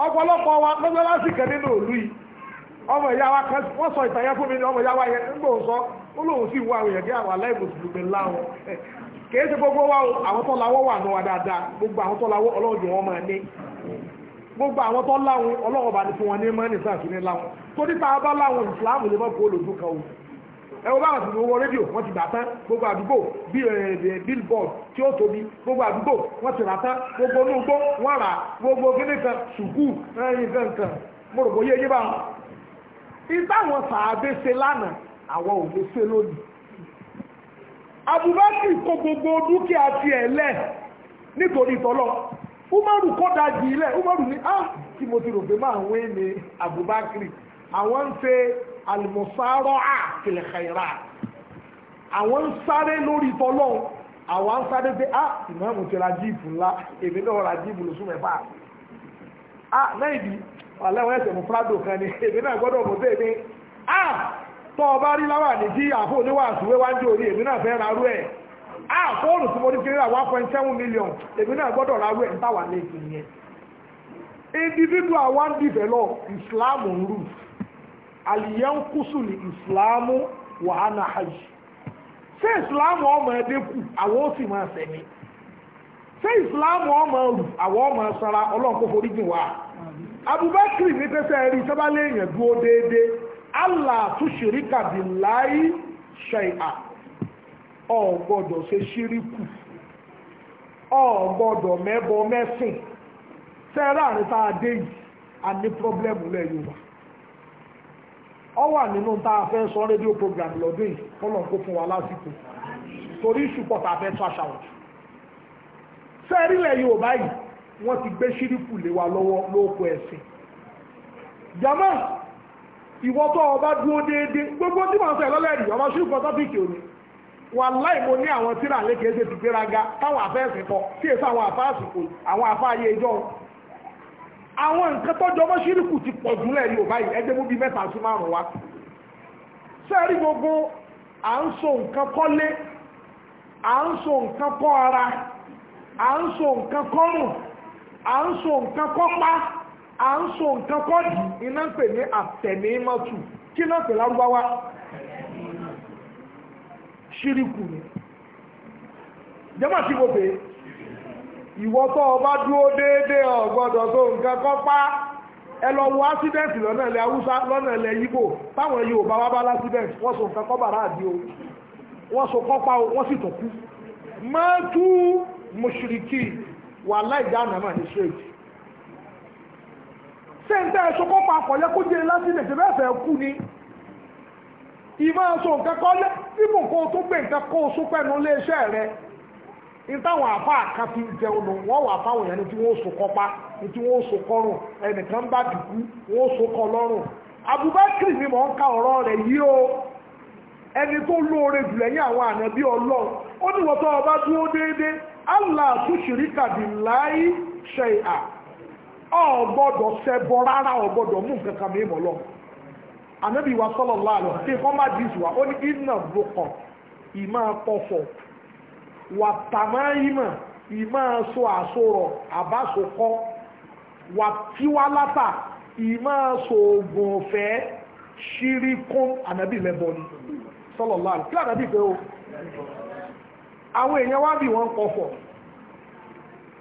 ọ̀pọ̀lọpọ̀ wa nínú ọmọ ìyá wa kan wọ́n sọ ìtàyà fún mi ní ọmọ ìyá wa yẹn nígbà òun sọ ó lóun sì wá àwọn èèyàn bí àwọn la mùsùlùmí láwọn kìí ṣe gbogbo wa àwọn tó lawọ́ wà náà dáadáa gbogbo àwọn tó lawọ́ ọlọ́run gbogbo àwọn tó láwọn ọlọ́run bá ní fún wọn ní mọ́ni ní láwọn tó bá láwọn ìsìláàmù lè o ẹ wọ́n bá wọn sì wọ rédíò wọ́n ti gbogbo àdúgbò billboard tí gbogbo àdúgbò wọ́n ti ìtàwọn sàábé ṣe lánàá àwọn ò lè ṣe lónìí Abubakar kó gbogbo dúkìá tiẹ̀ lẹ̀ nítorí tọ́lọ́ Umaru kọ́ dajì ilẹ̀ Umaru ní á ah, tí mo ti rò pé máa wé ní Abubakar àwọn ń ṣe almusaro a fil khairat àwọn ń sáré lórí tọ́lọ́ àwọn ń sáré pé á ah, ìmọ̀ àmọ̀ ti ra jíìpù ńlá èmi náà ra jíìpù lóṣù mẹ́fà á náà ìdí àlẹ́wọ̀n ẹ̀sẹ̀ mú prado kan ní èmi náà gbọ́dọ̀ mọ̀ bẹ́ẹ̀ ni a tọ́ ọba rí láwà ní tí àfọ oníwà àsùwé wá ń dé náà fẹ́ ẹ̀ a fóònù tí mo ní kiri àwọn point seven million èmi náà gbọ́dọ̀ rarú ẹ̀ ń táwà lẹ́sìn yẹn individual develop Islam rules islamu hajj ṣé islamu ọmọ ẹdẹ kù àwọn ó sì islamu ọmọ àwọn ọmọ abubakar ní pẹ́sẹ́ rí sábà léèyàn dúó déédéé allah tushirika billahi shay'a ò gbọ́dọ̀ ṣe ṣíríkù ò gbọ́dọ̀ mẹ́bọ mẹ́sìn sẹ́rà ní tá a dé yìí a ní pọ́blẹ́mù lẹ́yìn wa ọ wà nínú tá a fẹ́ sọ rédíò program lọ́dún yìí kọ́lọ̀ kó fún wa lásìkò torí ìṣùpọ̀ tá a fẹ́ tó àṣà wọ̀ sẹ́rí lẹ́yìn ò báyìí wọ́n ti gbé ṣíríkù lé wa lọ́wọ́ lóòkù ẹ̀sìn jama ìwọ́tọ̀ ọba dúró déédéé gbogbo tí wọ́n sọ ìlọ́lẹ́rì ọba ṣíríkù tọ́pìkì òní wàláì mo ní àwọn tíra lékè ṣe ti gbéraga táwọn àfẹ́sìn kọ tí èso àwọn àfáàsìkò àwọn àfáàyè ìjọ àwọn nǹkan tọ́jọ́ ọmọ ṣíríkù ti pọ̀ jùlẹ̀ yóò báyìí ẹgbẹ́ mú bí mẹ́ta sí márùn-ún wa sẹ́ẹ̀rí gbogbo à ń so nǹkan kọ́lé à ń so nǹkan kọ́ ara à ń so nǹkan kọ́rùn-ún à ń so nǹkan kọ́pá à ń so nǹkan kọ́dì iná ń pè ní àtẹ̀mímọ́tù kí náà pè lárúbáwá ṣíríkù ni jẹ́mọ̀ tí mo pè ìwọ tó o bá dúró déédéé o gbọ́dọ̀ so nǹkan kọ́pá ẹ lọ wo accident lọ́nà ilẹ̀ haúsá lọ́nà ilẹ̀ yíbò táwọn Yorùbá wá bá lásìdẹ̀ntì wọ́n so nǹkan kọ́bàrá àdí o wọ́n so kọ́pá o wọ́n sì tọ̀kú mọ́tú mùṣìríkì wà láìjáàmù náà ní straight ṣé n tẹ́ ẹ̀ṣọ́ kọ́pọ̀ kó jẹ́ láti lè ni ìmọ̀ ẹ̀ṣọ́ nǹkan kọ́ tó gbé nǹkan kó sún pẹ̀lú iléeṣẹ́ rẹ ìtàwọn àfa àkàfi jẹun nù wà fáwọn tí sọ ka ọ̀rọ̀ yìí o ẹni tó lóore àwọn Ọlọ́run ó ní wọ́n tó ọba dúró déédéé Allah tushrika billahi shay'a ọ̀gbọ́dọ̀ ṣẹbọ rárá ọ̀gbọ́dọ̀ mú nǹkan kan mímọ́ lọ anabi wa sallallahu alaihi wasallam ṣe kọ́má jíìsì wa ó ní iná rúkọ̀ ìmá pọ̀fọ̀ wà tàmáyìmà ìmá sọ àsorọ̀ àbásokọ́ wà tíwálátà ìmá sọ oògùn ọ̀fẹ́ ṣíríkún anabi lẹ́bọ ni sallallahu alaihi wasallam kí anabi pé o àwọn èèyàn wá bí wọ́n pọ̀fọ̀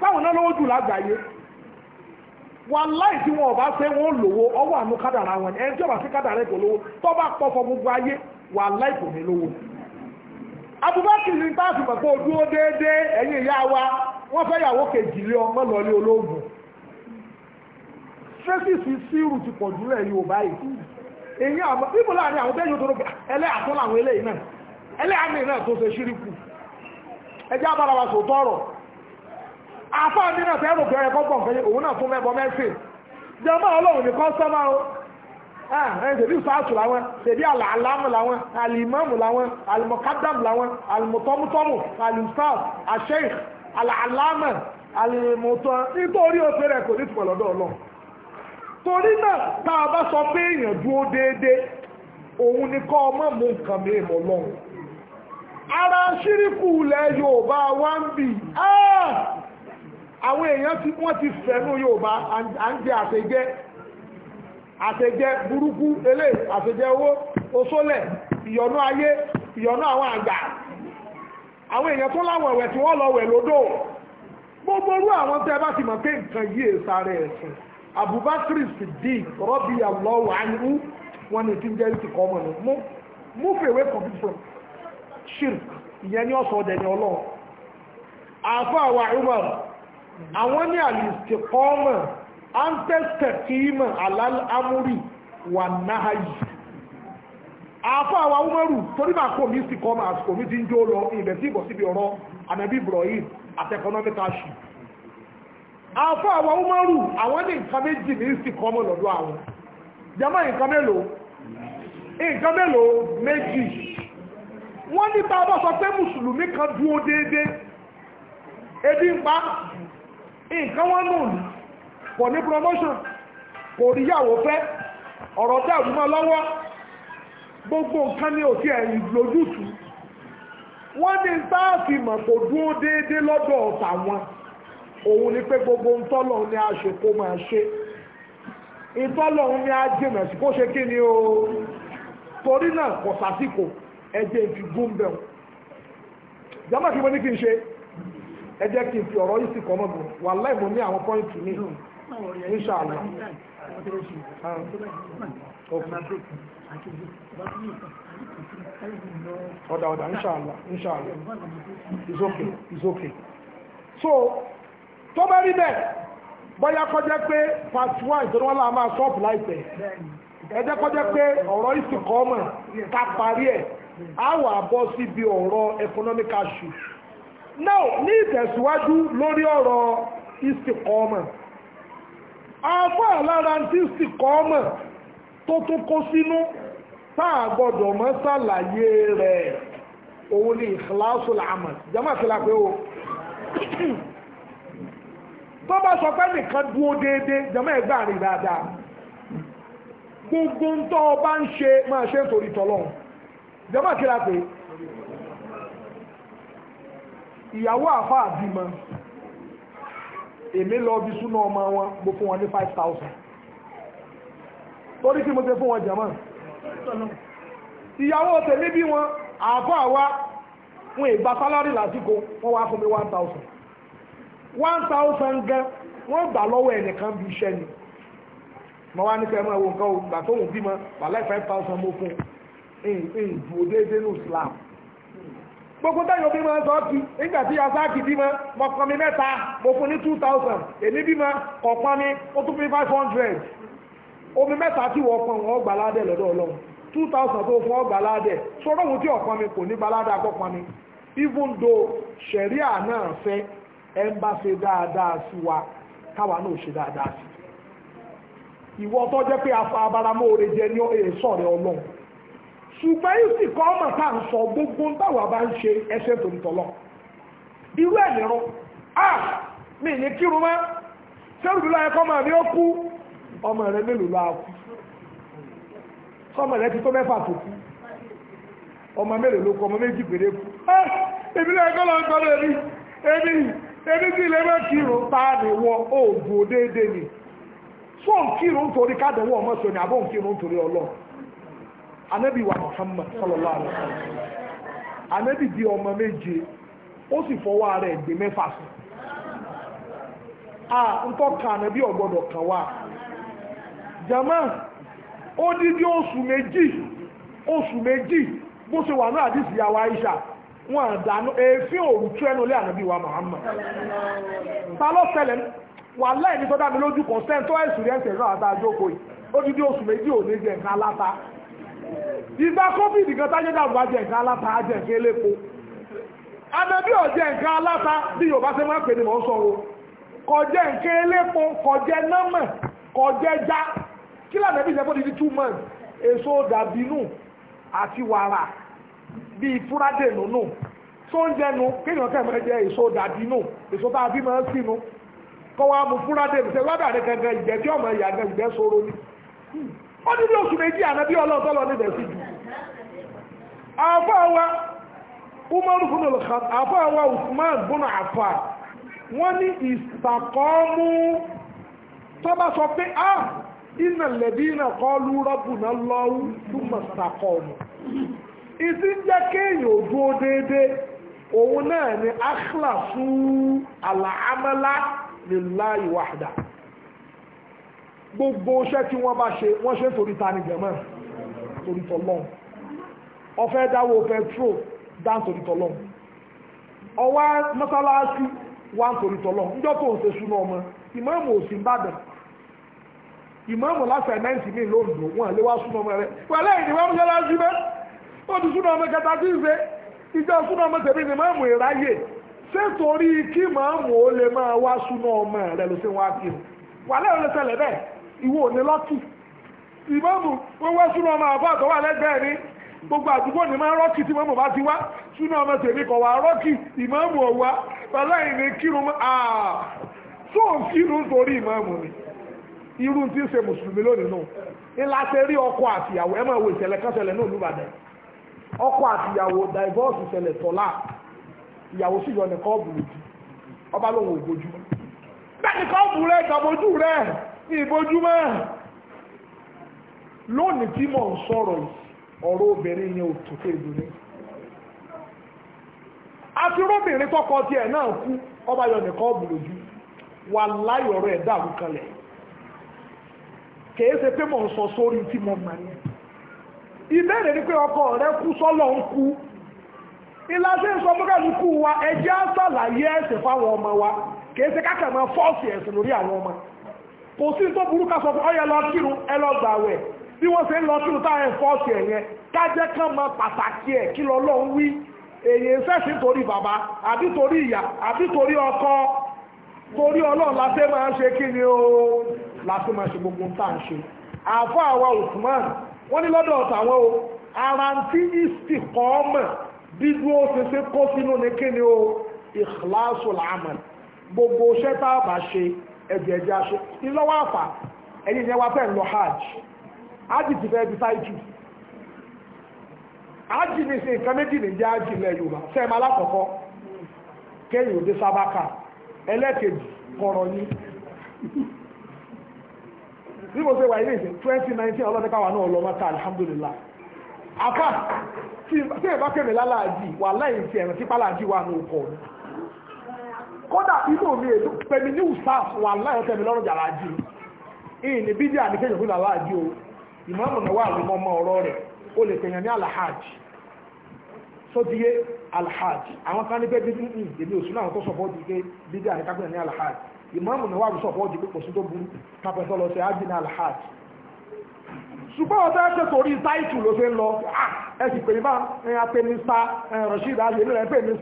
sáwọn náà lówó jù lágbàáyé wà wọn ọba ṣe wọn lówó ọwọ́ àánú kádàrà wọn ẹni tí ọba ṣe kádàrà ẹ̀kọ́ lówó tó bá pọ̀ fọ gbogbo ayé wà láì kò ní lówó Abubakar ní pẹ̀pẹ́ ojú ó déédéé ẹ̀yìn ìyá wa wọ́n fẹ́ yàwó kejì lé ọmọ lọ́lé sírù ti pọ̀ jùlọ ẹ̀yìn àwọn tó làwọn àfáà mi náà fẹ́ẹ́ rò pé ẹ̀kọ́ pọ̀ nǹkan òun náà fún mẹ́bọ mẹ́sìn jẹ́mọ́ ọlọ́run ní kọ́sọ́mà o ṣèbí sàásù làwọn ṣèbí àlàmù làwọn àlìmọ́mù làwọn àlìmọ̀kádàmù làwọn àlìmọ̀tọ́mùtọ́mù àlìsàf àṣẹ́yìn àlàmù àlìmọ̀tọ́ nítorí òfin rẹ̀ kò ní tùmọ̀ lọ́dọ̀ ọlọ́run torí náà tá a bá sọ pé èèyàn dúró déédéé òun ni kọ́ ọmọ mú nǹkan mi mọ̀ lọ́run ara ṣíríkù ilẹ̀ Yorùbá wá ń bì àwọn èèyàn tí wọ́n ti Yorùbá à ń jẹ burúkú elé owó oṣólẹ̀ ìyọ̀nú ayé ìyọ̀nú àwọn àgbà àwọn èèyàn tó láwọn ẹ̀wẹ̀ tí wọ́n lọ wẹ̀ lódò gbogbo orú àwọn tẹ́ bá ti mọ̀ pé nǹkan èsàrè ẹ̀sìn Abubakar rọ́bì àlọ́wọ̀ wọn ni ń jẹ́ ti kọ́ ọmọ àwọn ní àlìsìkọ́mọ̀ antẹ́sẹ̀kìmọ̀ alámúrì wà náhàyì àfọ́ àwọn umaru torí bá kò mí sì kọ́mọ̀ àsìkò mi ti ń jó lọ ilẹ̀ tí ìbọ̀ síbi ọ̀rọ̀ anabi ibrahim àti economic ashi àfọ́ àwọn umaru àwọn ní nǹkan méjì ní sì kọ́mọ̀ lọ́dọ̀ àwọn jama nǹkan mélòó nǹkan mélòó méjì wọ́n ní bá a sọ pé mùsùlùmí kan dúró déédéé ebi ń pa nǹkan wọn nù ní kò ní promotion kò rí yàwó fẹ́ ọ̀rọ̀ tẹ́ àdúmọ̀ lọ́wọ́ gbogbo nǹkan ní òtí ẹ̀yìn lójútù wọ́n ní táàfì mọ̀ kò dúró déédéé lọ́dọ̀ ọ̀tà wọn òun ni pé gbogbo ntọ́lọ̀ ni a ṣe kó máa ṣe ìtọ́lọ̀ ni a jìnà sí kó ṣe kí ni o torí náà kò sásìkò ẹ̀jẹ̀ ìfìgúnbẹ̀rún jàmbá kí mo ní kí n ṣe ẹ jẹ́ kí n fi ọ̀rọ̀ yìí sì kọ́ mọ́gbọ̀n wà láì mo ní àwọn pọ́ìntì mi ọ̀dà ọ̀dà inṣàlá inṣàlá it's okay it's okay so tó bá rí bẹ́ẹ̀ bóyá kọjá pé part one ìtọ́nú wọn là máa sọ́ọ̀pù láìpẹ́ ẹ kọjá pé ọ̀rọ̀ yìí sì kọ́ mọ̀ ká parí ẹ̀ á wà bọ́ síbi ọ̀rọ̀ economic issue. now ní ìtẹ̀síwájú lórí ọ̀rọ̀ istikọ́mọ̀ afọ́ àlára tí istikọ́mọ̀ tó tún kó sínú táà gbọ́dọ̀ mọ́ sàlàyé rẹ̀ òun ni ikhlasul amal jama kìlá pé o tó bá sọ pé nìkan dúó déédéé jama ẹgbà rìn dáadáa gbogbo ń tọ́ ọ bá ń ṣe máa ṣe nítorí tọ́lọ́hún jama kìlá pé ìyàwó àfa àbímọ èmi lọ bí súná ọmọ wọn mo fún wọn ní five thousand torí kí mo ṣe fún wọn jẹ̀mọ́ ìyàwó tèmi bí wọn àbọ̀ àwa wọn ìgbà sálárì lásìkò wọn wá fún mi one thousand one thousand gan wọ́n gbà lọ́wọ́ ẹnìkan bí iṣẹ́ ni mo wá ní kẹ́mọ́ ẹ̀wọ̀n nǹkan ò gbà tó ń bímọ wà láì five thousand mo fún un ìdúró déédéé ní Islam gbogbo táyọ̀ bí máa ń sọ kí nígbà tí yasaaki bí ma mo kàn mí mẹ́ta mo fún ní two thousand èmi bí ma kọ̀ọ̀kan ní ó tún fi five hundred omi mẹ́ta tí wọ́n pọn wọn gbà ládẹ̀ lọ́dọ̀ ọlọ́run two thousand tó fún ọgbà ládẹ̀ sọ̀rọ̀ òun tí ọ̀pọn mi kò ní gba ládàá mi even though sẹ̀ríà náà fẹ́ ẹ̀ ń bá ṣe dáadáa sí wa káwa náà ṣe dáadáa sí ìwọ tó jẹ́ pé afa abáramóore jẹ ní ṣùgbọ́n yìí sì kọ́ ọmọ tá à ń sọ gbogbo táwa bá ń ṣe ẹsẹ̀ tó ń tọ̀lọ̀ irú ẹ̀ nìrún a mi ní kírun mọ́ sẹ́rùbí láyé kọ́ ọmọ mi ó kú ọmọ rẹ mélòó lọ́wọ́ kú sọmọ rẹ ti tó mẹ́fà tó kú ọmọ mélòó ló kú ọmọ méjì péré kú ẹ èmi láyé kọ́ lọ́wọ́ kọ́ lórí èmi èmi sì lè má kírun tá a lè wọ oògùn déédéé ni fóònù kírun torí káàdánwó ọmọ sọ ni àbóhùn kírun torí ọlọ́run anabi wa muhammad sallallahu alaihi ọmọ méje ó sì fọwọ́ ara ẹ̀ gbé mẹ́fà sí a ntọ́ ka anabi ọ̀gbọ́dọ̀ kan wá jama ó dídí oṣù méjì oṣù méjì bó ṣe wà ní àdìsí yàwó aisha wọn àdánù èéfín òru tú ẹnu lé wa muhammad ta ló wà láì ní sọ́dá mi lójú ẹ̀sùn dídí oṣù méjì ò ní ìgbà covid kan tájẹ́ dàbò ajẹ́ nǹkan aláta ajẹ́ nǹkan elépo anabi ọ̀jẹ́ nǹkan aláta bí yorùbá ṣe máa ń pè ní mọ̀ ń sọ o kọjẹ́ nǹkan elépo kọjẹ́ nọ́mọ̀ kọjẹ́ já kí lànà bí ìṣẹ́fọ́ di two months èso dàbínú àti wàrà bíi fúrádé nùnú tó ń jẹnu kéèyàn kẹ́ máa jẹ èso dàbínú èso tá a fi máa ń sínú kọ́ wa mú fúrádé nù sẹ́wọ́n dàdé gẹ́gẹ́ ìjẹ́ tí ọmọ ìyá gẹ́gẹ́ ìjẹ́ sóró ni ó ní bí oṣù méjì ànábí ọlọ́ọ̀tọ́lọ́ níbẹ̀ sí jù àfáàwá umar bin al-khat àfáàwá usman bin affan wọ́n ní ìsàkọ́mú tó bá sọ pé a ah, iná lẹ́bí iná kọlu rabbuna Allahu túmọ̀ sàkọ́mù ìsí ń jẹ́ kéèyàn ò dúró déédéé òun náà ni akhlasu al-amala lillahi wahda gbogbo iṣẹ́ tí wọ́n bá ṣe wọ́n ṣe torí ta ni jẹ̀mọ́ torí tọ́lọ́n ọ̀fẹ́ dáwọ́ pẹtrò dán torí tọ́lọ́n ọwá mọ́sálásí wà torí tọ́lọ́n níjọ́ tó ń ṣe súná ọmọ ìmáàmù òsì ìbàdàn ìmáàmù lásán náìtì mí lóńdó wọn lé wá súná ọmọ rẹ pẹ̀lẹ́ ìdí wọn mọ́sálásí mẹ́ ó ti súná ọmọ kẹta tí ń ṣe ìjọ súná ọmọ tèmi ni máàmù ìráyè ṣé torí kí máàmù ó lè máa wá súná ọmọ rẹ ló ṣe wá kiri wà lẹ́yìn ló ṣẹlẹ̀ bẹ́ẹ̀ ìwọ ò ní lọ́kì ìmáàmù wọ́n wá súnú ọmọ àbá àtọ́wà lẹ́gbẹ̀ẹ́ ní gbogbo àdúgbò ní máa rọ́kì tí mọ́mù bá ti wá súnú ọmọ tèmi kọ̀ wá rọ́kì ìmáàmù ọ̀wá pẹ̀lú ìní kírun àà tó ń kírun torí ìmáàmù ni irú tí ń ṣe mùsùlùmí lónìí nù ńlá ṣe rí ọkọ àtìyàwó ẹ máa wo ìṣẹ̀lẹ̀ kan ṣẹlẹ̀ náà lùbàdàn ọkọ àtìyàwó divorce ṣẹlẹ̀ tọ́lá ìyàwó sì yọ nìkan ọ̀bùrù ọba lóun ògbójú bẹ́ẹ̀ nìkan ọ̀bùrù rẹ̀ ìjọba ojú rẹ̀ ìbójúmọ́ lónìí tí ń sọ̀rọ̀ ọ̀rọ̀ obìnrin yẹn ò kéèdù ní àti róbìnrin tọkọ ẹ̀ náà kú ọba yọ nìkan ọ̀bùlójú wà dàrú kalẹ̀ ṣe pé ń sọ sórí tí mo ní ìbéèrè ni pé ọkọ rẹ kú sọ́lọ̀ ń kú wa fáwọn ọmọ wa ṣe máa fọ́ọ̀sì lórí kò sí tó burú ká sọ fún ọyẹ lọ kírun ẹ lọ gbàwẹ̀ bí wọ́n ṣe ń lọ kírun táwọn ẹ̀fọ́ọ̀sì ẹ̀ yẹn kájẹ́ kán mọ pàtàkì ẹ̀ kí lọ lọ́hún wí èyí ń fẹ́sì torí bàbá àbí torí ìyá àbí torí ọkọ torí ọlọ́run la fẹ́ máa ń ṣe kí ni o la fẹ́ máa ṣe gbogbo tá à ń ṣe àfọ àwa Usman wọ́n ní lọ́dọ̀ ọ̀tàwọn o ara ń tí ìsì kọ́ mọ̀ bí dúró ṣeṣe kó sínú ni kí ni o ìkìláṣù gbogbo iṣẹ́ tá a bá ṣe ẹ̀jẹ̀ ẹ̀jẹ̀ aṣọ ilọwa afa ẹ̀yìn ìyẹn wá lọ hajj hajj ti fẹ́ saịtụ táìtù hajj ní sí nǹkan méjì ní jẹ́ hajj ilẹ̀ Yorùbá sẹ́ẹ̀mà alákọ̀ọ́kọ́ kéyìn òde sábàkà ẹlẹ́kejì kọ̀rọ̀ yín bí mo ṣe wà yìí nìyẹn twenty nineteen ọlọ́dẹ́ká náà lọ́mọ alhamdulillah àfà tí ìbá kẹ́mi lálàájì wà ẹ̀rọ tí wà ní kódà inú mi èdè pẹ̀lú ní usaf wà láyọ̀ tẹ̀mí lọ́rùn jàrá jí ìní bídí àdìkẹ́yìn fún làwà o ìmọ̀mù náà wà lọ́mọ ọmọ ọ̀rọ̀ rẹ̀ ó lè pèyàn ní alhaji sódíyé alhaji àwọn kan ní pé bídí ní mm, èmi òsùn náà tó sọ̀pọ̀ di pé bídí àdìkẹ́yìn ní alhaji ìmọ̀mù náà wà lọ́ sọ̀pọ̀ di pé kò sí tó burú kápẹ́sọ́ lọ sí ájì ní alhaji ṣùgbọ́n ọ̀tọ́ ẹ̀ṣẹ́ torí táìtù ló fẹ́ lọ ah, ẹ̀ sì pè ní bá ẹ̀yà pé ní sá ẹ̀rọ̀ṣì ìdájẹ́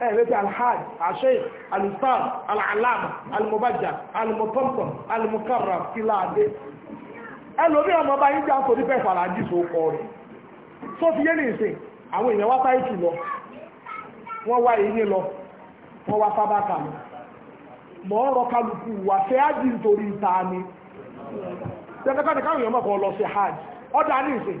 ẹ̀rẹ́bí eh, alhaj asheikh alustad al'alama almubajja almutọ́tọ̀ almukarram kíláàdé ẹlòmí ọmọ bá yíjá tó nípẹ́ fàràjì tó kọ rẹ̀ tó fi yé ní ìsìn àwọn èèyàn wá táìtì lọ wọ́n wá eyín lọ wọ́n wá fábákà lọ mọ̀ ọ̀rọ̀ kálukú wà fẹ́ ájì nítorí ìta ni káwọn èèyàn mọ̀kọ́ lọ sí hajj ní ìsìn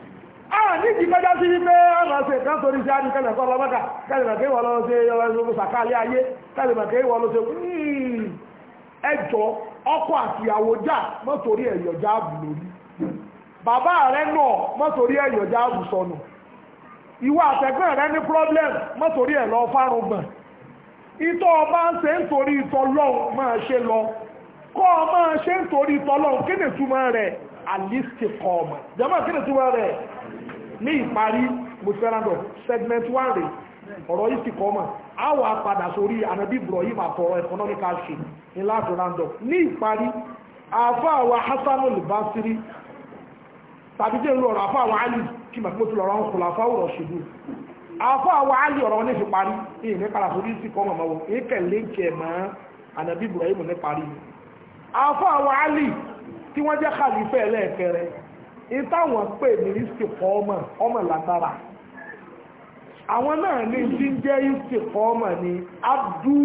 Ah, a ní sí wípé ọ̀nà ọ̀sẹ̀ kan torí sí àdìkọ lẹ́kọ́ lọ́mọ́kà kẹlẹ̀mọ̀ kí wọ́n lọ ṣe se sàkálẹ̀ ayé kẹlẹ̀mọ̀ kí wọ́n lọ ṣe hmm. ẹjọ́ ọkọ àtìyàwó jà mọ́tòrí ẹ̀yọ̀ jáàbù lórí bàbá rẹ̀ náà mọ́tòrí ẹ̀yọ̀ jáàbù sọnù ìwọ àtẹ̀gbọ́n rẹ̀ ní problem mọ́tòrí ẹ̀ lọ ìtọ́ ọba ń ṣe máa lọ kọ́ ọ máa ṣe kí ni túmọ̀ rẹ̀ jẹ́mọ̀ kí ní ìparí mo fẹ́ segment one rè ọ̀rọ̀ yìí sì kọ́mọ̀ a wà padà sórí anabi ibrahim àtọ̀rọ̀ economic action ní láti round ní ìparí àfáà wa hasanul basiri tàbí jẹ́ ìlú ọ̀rọ̀ àfáà wa ali kí màkúmọ́ ti lọ́rọ̀ ń kùlà fáwọn ọ̀rọ̀ ṣèlú àfáà wa ali ọ̀rọ̀ wọn ní fi parí èyí ní padà sórí sí kọ́mọ̀ mọ́wọ́ èyí kẹ̀lé ń jẹ mọ́ anabi wa ali tí wọ́n jẹ́ khalifa ẹlẹ́ẹ̀kẹrẹ ìtàwọn pè ní ìsìnkọ́ ọmọ ọmọ lágbára àwọn náà ní jíjẹ́ ìsìnkọ́ ọmọ ní abdú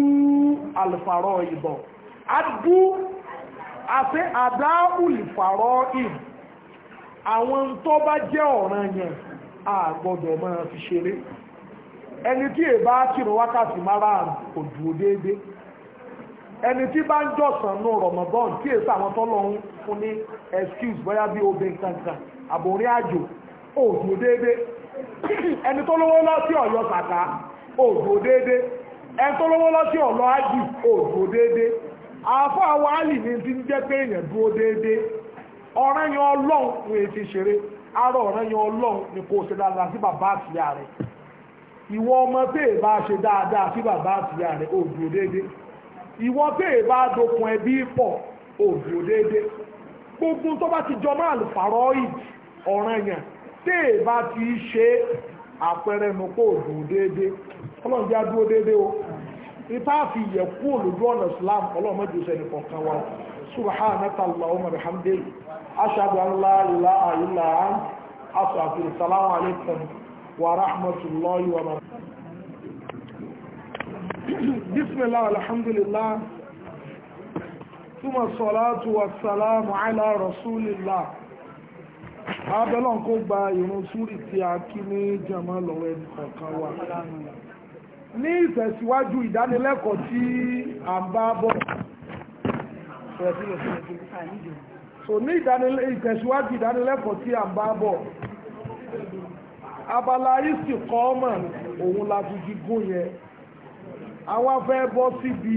alfarọ ìbọn abdú àti adáhùlìfarọ ìbọn àwọn tó bá jẹ́ ọ̀ràn yẹn a gbọ́dọ̀ máa fi ṣeré ẹni tí èbá kírun wákàtí márùn-ún kò dúró déédéé ẹni tí bá ń jọ̀sán nù rọ̀mọ̀bọ́n kí èso àwọn tó lọ fún ní excuse bóyá bí obìnrin kankan àbòrin àjò òdò déédé ẹni tó lówó lọ sí ọ̀yọ́ sàkà òdò déédé ẹni tó lówó lọ sí ọ̀lọ́ ájì òdò déédé àfọ àwọn àlì ni ti ń jẹ́ pé èèyàn dúró déédé ọ̀rẹ́ yan ọlọ́run ní èsì ṣeré arọ ọ̀rẹ́ yan ọlọ́run ni kò ṣe dáadáa sí bàbá àtìyá rẹ̀ ìwọ ọmọ ṣe dáadáa sí bàbá àtìyá rẹ̀ déédé ìwọ tẹ́ ẹ bá dokun ẹbí pọ̀ òdò déédéé gbogbo tó bá ti jọ máa lù fàrọ̀ ìdí ọ̀ràn yẹn tẹ́ ẹ bá ti ṣe àpẹẹrẹ nu kó òdò déédéé ọlọ́run já dúró déédéé o ìta fi yẹ kú olùdó ọ̀nà Islam ọlọ́run mẹ́jọ sẹ́ni kọ̀ọ̀kan wa subhanaka allahumma bihamdik ashhadu an la ilaha illa anta astaghfiruka assalamu alaikum wa rahmatullahi wa barakatuh بسم الله الحمد لله ثم الصلاة والسلام على رسول الله abẹ́lọ́n kó gba ìrun súrì tí a kí ní jàmá lọ́wọ́ ẹni kọ̀ọ̀kan wa ní ìtẹ̀síwájú ìdánilẹ́kọ̀ọ́ tí a ń bá bọ̀ so ní ìtẹ̀síwájú ìdánilẹ́kọ̀ọ́ tí a ń bá bọ̀ abala ìsìnkọ́ ọmọ òun la fi gígùn yẹn àwa fẹ́ bọ́ síbi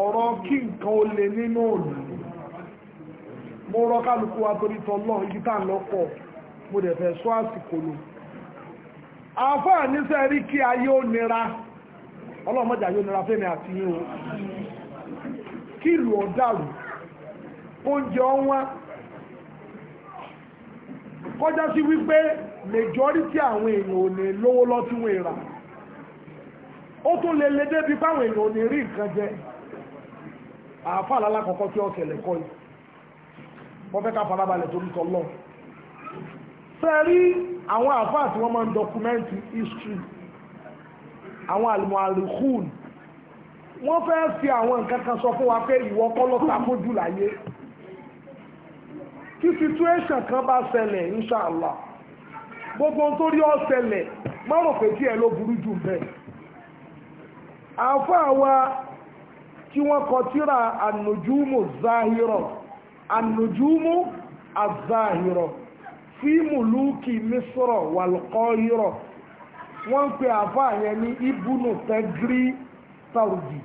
ọ̀rọ̀ kí nǹkan ó le nínú òní mo rọ kálukú wa torí tọ́lọ́ tá à ń lọ́pọ̀ mo dẹ̀ fẹ́ sọ àsìkò lò àfáà níṣẹ́ rí kí ayé ó nira ayé ó nira àti yín o kí ìlú oúnjẹ kọjá sí wípé majority àwọn èèyàn ò ní lówó ó tó lè lè débi báwọn èèyàn ò ní rí nǹkan jẹ àáfà alálákọ̀ọ́kọ́ tí ó ṣẹlẹ̀ kọ́ yìí wọ́n fẹ́ ká farabalẹ̀ torí tọ́lọ́ sẹ́rí àwọn àáfà tí wọ́n máa ń dọkumẹ́ntì history àwọn àlùmọ̀àlùkùn wọ́n fẹ́ fi àwọn nǹkan kan sọ fún wa pé ìwọ kọ́ ló sàkójú láyé tí situation kan bá ṣẹlẹ̀ inṣàlá gbogbo nítorí ó ṣẹlẹ̀ má rò pé tí ẹ ló burú jù bẹ́ẹ̀ àáfàá wa tí wọ́n kọ tírà ànùjúmù záhírọ̀ ànùjúmù àzáhírọ̀ fíìmù lúkì mísọ̀rọ̀ wàlùkọ́hírọ̀ wọ́n ń pe àáfàá yẹn ní ibùnú tẹ́gírí tàrùdì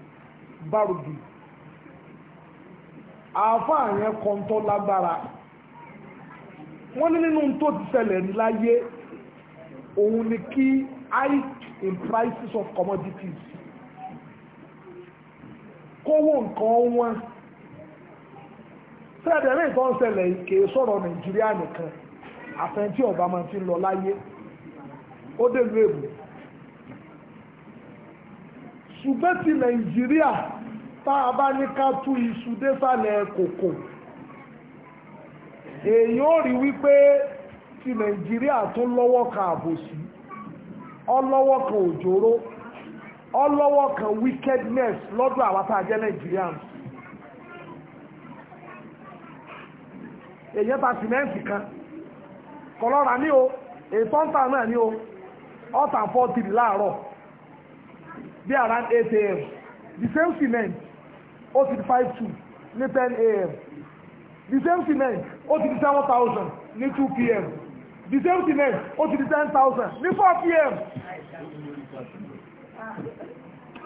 bárùdì àáfàá yẹn kọ́ńtọ́ lágbára wọ́n ní nínú tó ti ṣẹlẹ̀ láyé òun ni kí high in prices of commodities kọwọ nǹkan wọn sẹ́ẹ̀dẹ̀rẹ́ ìtọ́ ń ṣẹlẹ̀ sọrọ nigeria sọ̀rọ̀ nàìjíríà nìkan àfẹ́ntí ọ̀bá máa ti lọ láyé ó dèlú èbò ṣùgbọ́n ti nàìjíríà tá a bá ní ká tú iṣu désàlẹ̀ kòkò èèyàn ó rí wípé ti nàìjíríà tún lọ́wọ́ kan àbòsí ọlọ́wọ́ kan òjòrò ọlọ́wọ́ kan wickedness lọ́dọ̀ àwa tá a jẹ́ Nigerians èyàn ta sìmẹ́ǹtì kan kọlọ́ra ní o ètò ń ta náà ní o ọ̀tà fọ́tì láàárọ̀ bí around eight a.m. the same cement ó ti ní ten a.m. the same cement ó ní two p.m. the same cement ó ní four p.m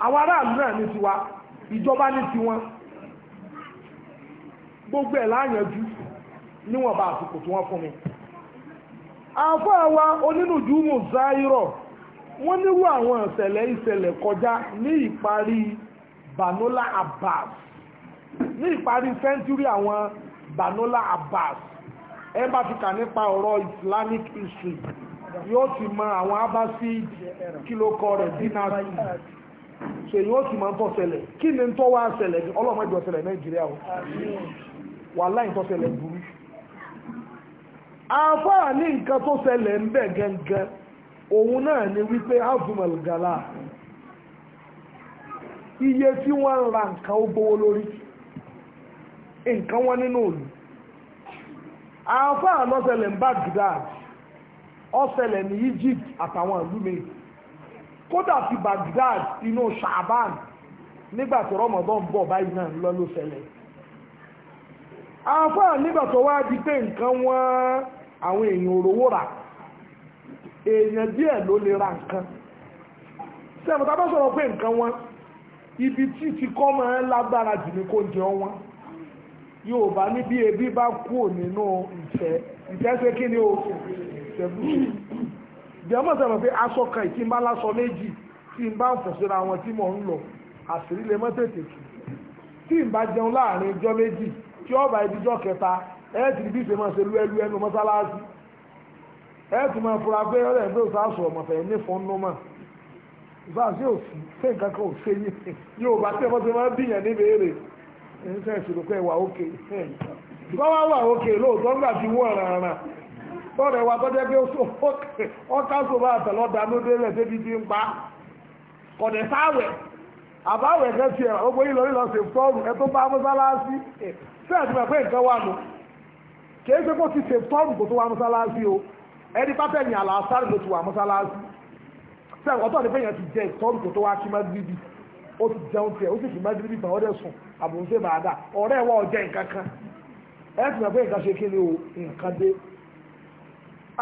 àwọn aráàlú náà ní tiwa ìjọba ní tiwọn gbogbo ẹ̀ láàyànjú níwọ̀nba àsìkò tí wọ́n fún mi àfọ́ àwa onínújú mú záírọ̀ wọ́n nírú àwọn ìṣẹ̀lẹ̀ ìṣẹ̀lẹ̀ kọjá ní ìparí banola abbas ní ìparí sẹ́ńtúrì àwọn banola abbas ẹ bá ti kà nípa ọ̀rọ̀ islamic history yóò ti mọ àwọn abasi kílókọ rẹ̀ dínà so yóò ti máa ń tọ́sẹ̀lẹ̀ kí ni tó wá ṣẹlẹ̀ ní ọlọ́mọdé ọ̀sẹ̀lẹ̀ nàìjíríà o wà láì tọ́sẹ̀lẹ̀ burú àfáà ní nǹkan tó ṣẹlẹ̀ ń bẹ̀ gẹ́gẹ́ òun náà ni wípé azumal gala iye tí wọ́n ń ra nǹkan ó gbówó lórí nǹkan wọn nínú òòlù lọ́sẹ̀lẹ̀ ń ó ṣẹlẹ̀ ní Egypt àtàwọn ìlú mi kódà ti Baghdad inú Shaban nígbà tí Ramadan bọ̀ báyìí náà lọ ló ṣẹlẹ̀ àfáà nígbà tó wá di pé nǹkan wọ́n àwọn èèyàn òrówó rà èèyàn díẹ̀ ló lè ra nǹkan sẹ́mi bá sọ̀rọ̀ pé nǹkan wọ́n ibi tí ti kọ́ máa ń lágbára jù ní kó jẹ wọ́n yóò bá ní ebi bá kúrò nínú ìfẹ́ ìfẹ́ ṣe kí ni o seventy jẹ́mọ̀ sẹ́wọ̀n pé aṣọ kan ìtí ń bá láṣọ méjì tí ń bá ń fọ̀ síra wọn tí mò ń lọ àṣírí lè mọ́ tètè tù tí ń bá jẹun láàrin ijọ́ méjì tí ọba ìdíjọ́ kẹta ẹ̀ẹ́dì bí ìṣe máa ṣe lú ẹlú ẹnu mọ́sálásí ẹ̀ẹ́dì máa fura pé ọ̀rẹ́ ìgbé òṣàṣọ ọ̀mọ̀fẹ́ ní fún nọ́mà ìbáṣe òsì ṣé nǹkan kan ò ṣe yín yóò bá tẹ́ mọ́tò máa ń bìyàn ní béèrè ẹ̀ńsẹ̀ ìṣòro pé ẹ̀wà òkè ìbáwá wà òkè lóòótọ́ nígbà tí wọ́n ràn tọ́rẹ̀ wa tọ́jẹ́ pé ọkà sọ̀rọ̀ àtẹ̀lọ́dà ló dé rẹ̀ débi bí ń pa kọ̀dẹ̀ sáwẹ̀ àbáwẹ̀ ẹ̀kẹ́ fi ẹ̀rọ gbogbo yìí lórí lọ sí fọ́ọ̀rù ẹ tó bá mọ́sálásí sí àti mẹ́fẹ́ nǹkan wà nù kìí ṣe kó ti ṣe fọ́ọ̀rù kó tó wà mọ́sálásí o ẹni pátẹ́ ní àlàáfáàrì ló ti wà mọ́sálásí sí ọ̀tọ̀ ní fẹ́yàn ti jẹ ìtọ́rù kó tó wá kí mẹ́gbìbì ó ti jẹun tiẹ̀ ó sì kí mẹ́gbìbì bá ọdẹ sùn àbòǹṣe bàdà ọ̀rẹ́ ẹ̀wọ̀ ọ̀jẹ̀ nǹkan kan ẹ̀ ti mẹ́fẹ́ nǹkan ṣe kí ni o nǹkan dé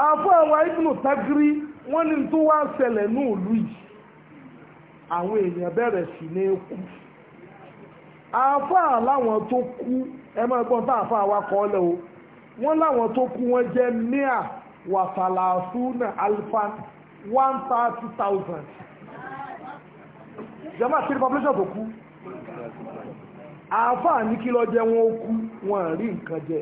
àfọ àwa ibùnú tágírí wọ́n ní tó wá ṣẹlẹ̀ ní ìlú yìí àwọn èèyàn bẹ̀rẹ̀ sí ní kú àfọ àláwọn tó kú ẹ máa gbọ́n tá àfọ àwa kọ́ lẹ́ o wọ́n láwọn tó kú wọ́n jẹ́ mia wàsàlàsúnà alfan one thirty thousand jama kiri population tó kú àfọ àníkí lọ jẹ wọn ó kú wọn rí nǹkan jẹ.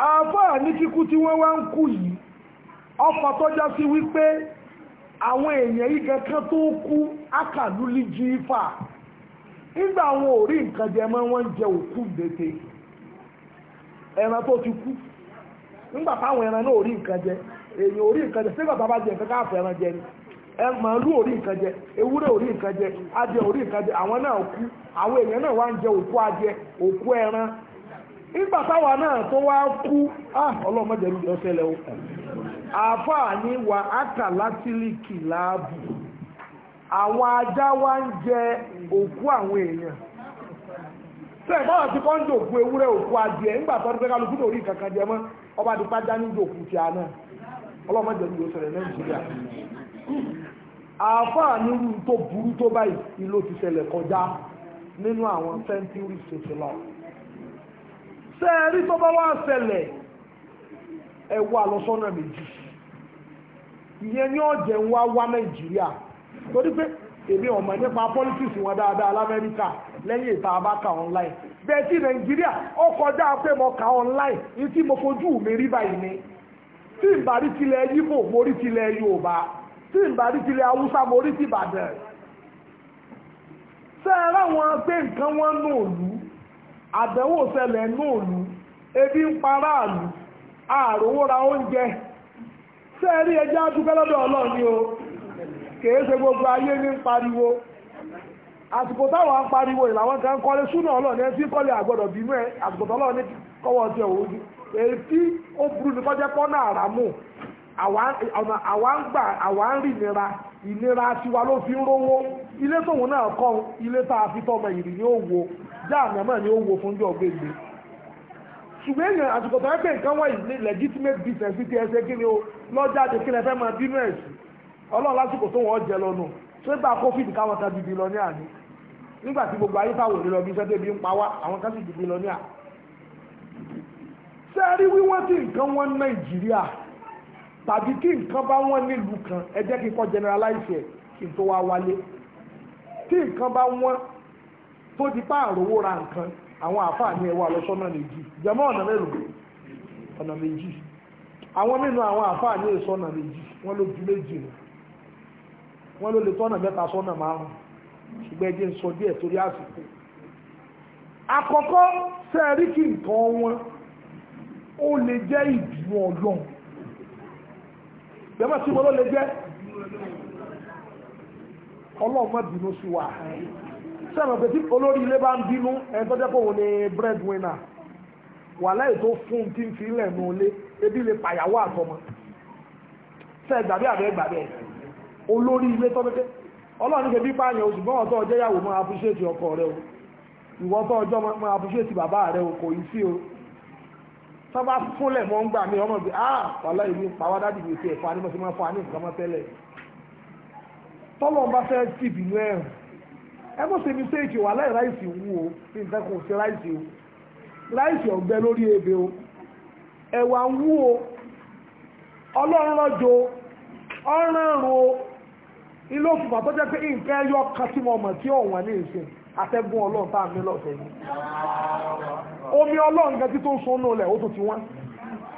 àáfàá ní kíkú tí wọ́n wá ń kú yìí ọkọ̀ tó já sí wípé àwọn èèyàn yìí kankan tó kú ákàlúlí jí fà nígbà àwọn ò nǹkan jẹ mọ́ wọ́n ń jẹ òkú gbèsè ẹran tó ti kú nígbà táwọn ẹran náà ò nǹkan jẹ èèyàn ò nǹkan jẹ sígbà bàbá jẹ nǹkan káàfẹ́ ẹran jẹ ni màálù ò nǹkan jẹ nǹkan jẹ ìgbà náà tó wá kú ah, ọlọ́mọdé ló lọ sẹ́lẹ̀ ó àáfàá ní akàlátìlìkì láàbù àwọn ajá wá ń jẹ òkú àwọn èèyàn tẹ ẹ báwọn ti kọ́ ń ewúrẹ́ òkú adìẹ nígbà tó kálukú tó rí kankan jẹ mọ́ ọba ti àná nàìjíríà sẹ́ẹ̀rí tó bá wá ṣẹlẹ̀ ẹ wà lọ́sọ́nà méjì ìyẹn ní ọ̀jẹ̀ ń wá wá nàìjíríà torí pé èmi ọ̀mọ̀ nípa politics wọn dáadáa lamẹ́ríkà lẹ́yìn ìta abáka online bẹ́ẹ̀ tí nàìjíríà ó kọjá pé mo kà online ní tí mo fojú mi rí báyìí ni tí n bá rí tilẹ̀ yíbò mo rí tilẹ̀ yorùbá tí n bá rí tilẹ̀ haúsá mo rí tìbàdàn sẹ́ẹ̀rẹ́ wọn pé nǹkan wọn nù òlù àdánwò ṣẹlẹ̀ nóòlù ebi ń paráàlú àròwóra oúnjẹ sẹ́ẹ̀rí ẹjá dúpẹ́ lọ́dọ̀ ni o kèé ṣe gbogbo ayé ní pariwo àsìkò táwọn ń pariwo ìlàwọn kan kọ́lé súnà ọlọ́run ẹ kọ́lé àgbọ̀dọ̀ bínú ẹ àsìkò tọ́lọ́run ní kọ́wọ́ ti ọ̀wọ́ ojú ó burú ní kọ́jẹ́ pọ́nà àràmù ìnira tiwa ló fi ń rówó ilé tóun náà kọ́ ilé tá a fi tọ́ ọmọ ìrì ni ó wo jáàmù ni ó wo fún jọ gbègbè ṣùgbọ́n èèyàn àsìkò tó ẹgbẹ́ nǹkan wọ̀nyí ní legitimate business ti ẹsẹ̀ kí ni o lọ́jáde kí lẹ fẹ́ máa bínú ẹ̀sìn ọlọ́run lásìkò tó wọ́n jẹ lọ́nu ṣé gba covid káwọn kan di bilọ́níà ni nígbà tí gbogbo ayé táwọn òní lọ bí iṣẹ́ tó ebi ń pa wá àwọn kan sì di bilọ́níà. sẹ́ẹ̀rí wíwọ́n tí nǹkan wọ́n Nàìjíríà tàbí kí nǹkan bá wọ́n nílùú kan ẹ jẹ́ kí n kọ́ generalize ẹ̀ kí n tó wá wálé tí nǹkan bá wọ́n tó di pa àròwó ra nǹkan àwọn àfààní ẹ̀wà lọ́sọ́nà méjì jẹ́mọ́ ọ̀nà mélòó ọ̀nà méjì àwọn nínú àwọn àfààní èso ọ̀nà méjì wọ́n ló ju méjì nù wọ́n ló lè tọ́nà mẹ́ta sọ́nà márùn-ún ṣùgbọ́n ẹ jẹ́ n sọ díẹ̀ torí àsìkò àkọ́kọ́ sẹ́ẹ̀rí kí nǹkan wọn ó lè jẹ́ ìbínú ọlọ́run jẹ́mọ̀ tí mo ló lè jẹ́ ọlọ́run má bínú sí wa sẹ́nu pé tí olórí ilé bá ń bínú ẹni tó jẹ́ pé òun ni bread winner wà láì tó fún tí ń fi ilẹ̀ nù ilé ebi lè pàyàwó àtọmọ sẹ́ẹ̀ gbàgbé àbẹ́ gbàgbé olórí ilé tó pé ọlọ́run ṣe bí pààyàn oṣù gbọ́n ọ̀tọ́ ọjọ́ ìyàwó máa appreciate ọkọ rẹ o ìwọ́tọ́ ọjọ́ máa appreciate bàbá rẹ o kò ì sí o sábà fúnlẹ̀ mọ́ ń gbà mí ọmọ ah wàhálà ìlú pàwádàdì mi ti ẹ̀fọ́ anímọ̀sí máa fọ́ aní nǹkan mọ́ tẹ́lẹ̀ tọ́lọ̀ bá fẹ́ tì bínú ẹ̀ ẹ mi o ráìsì ọ̀gbẹ́ lórí ebè o ẹ̀wà ń o ọlọ́run lọ́jọ́ ilé òfùfà tó jẹ́ pé nǹkan mọ̀ tí atẹ́gùn ọlọ́run tá à ń mí lọ́sẹ̀ yìí omi ọlọ́run gan títún sún nù lẹ̀ ó tún ti wọ́n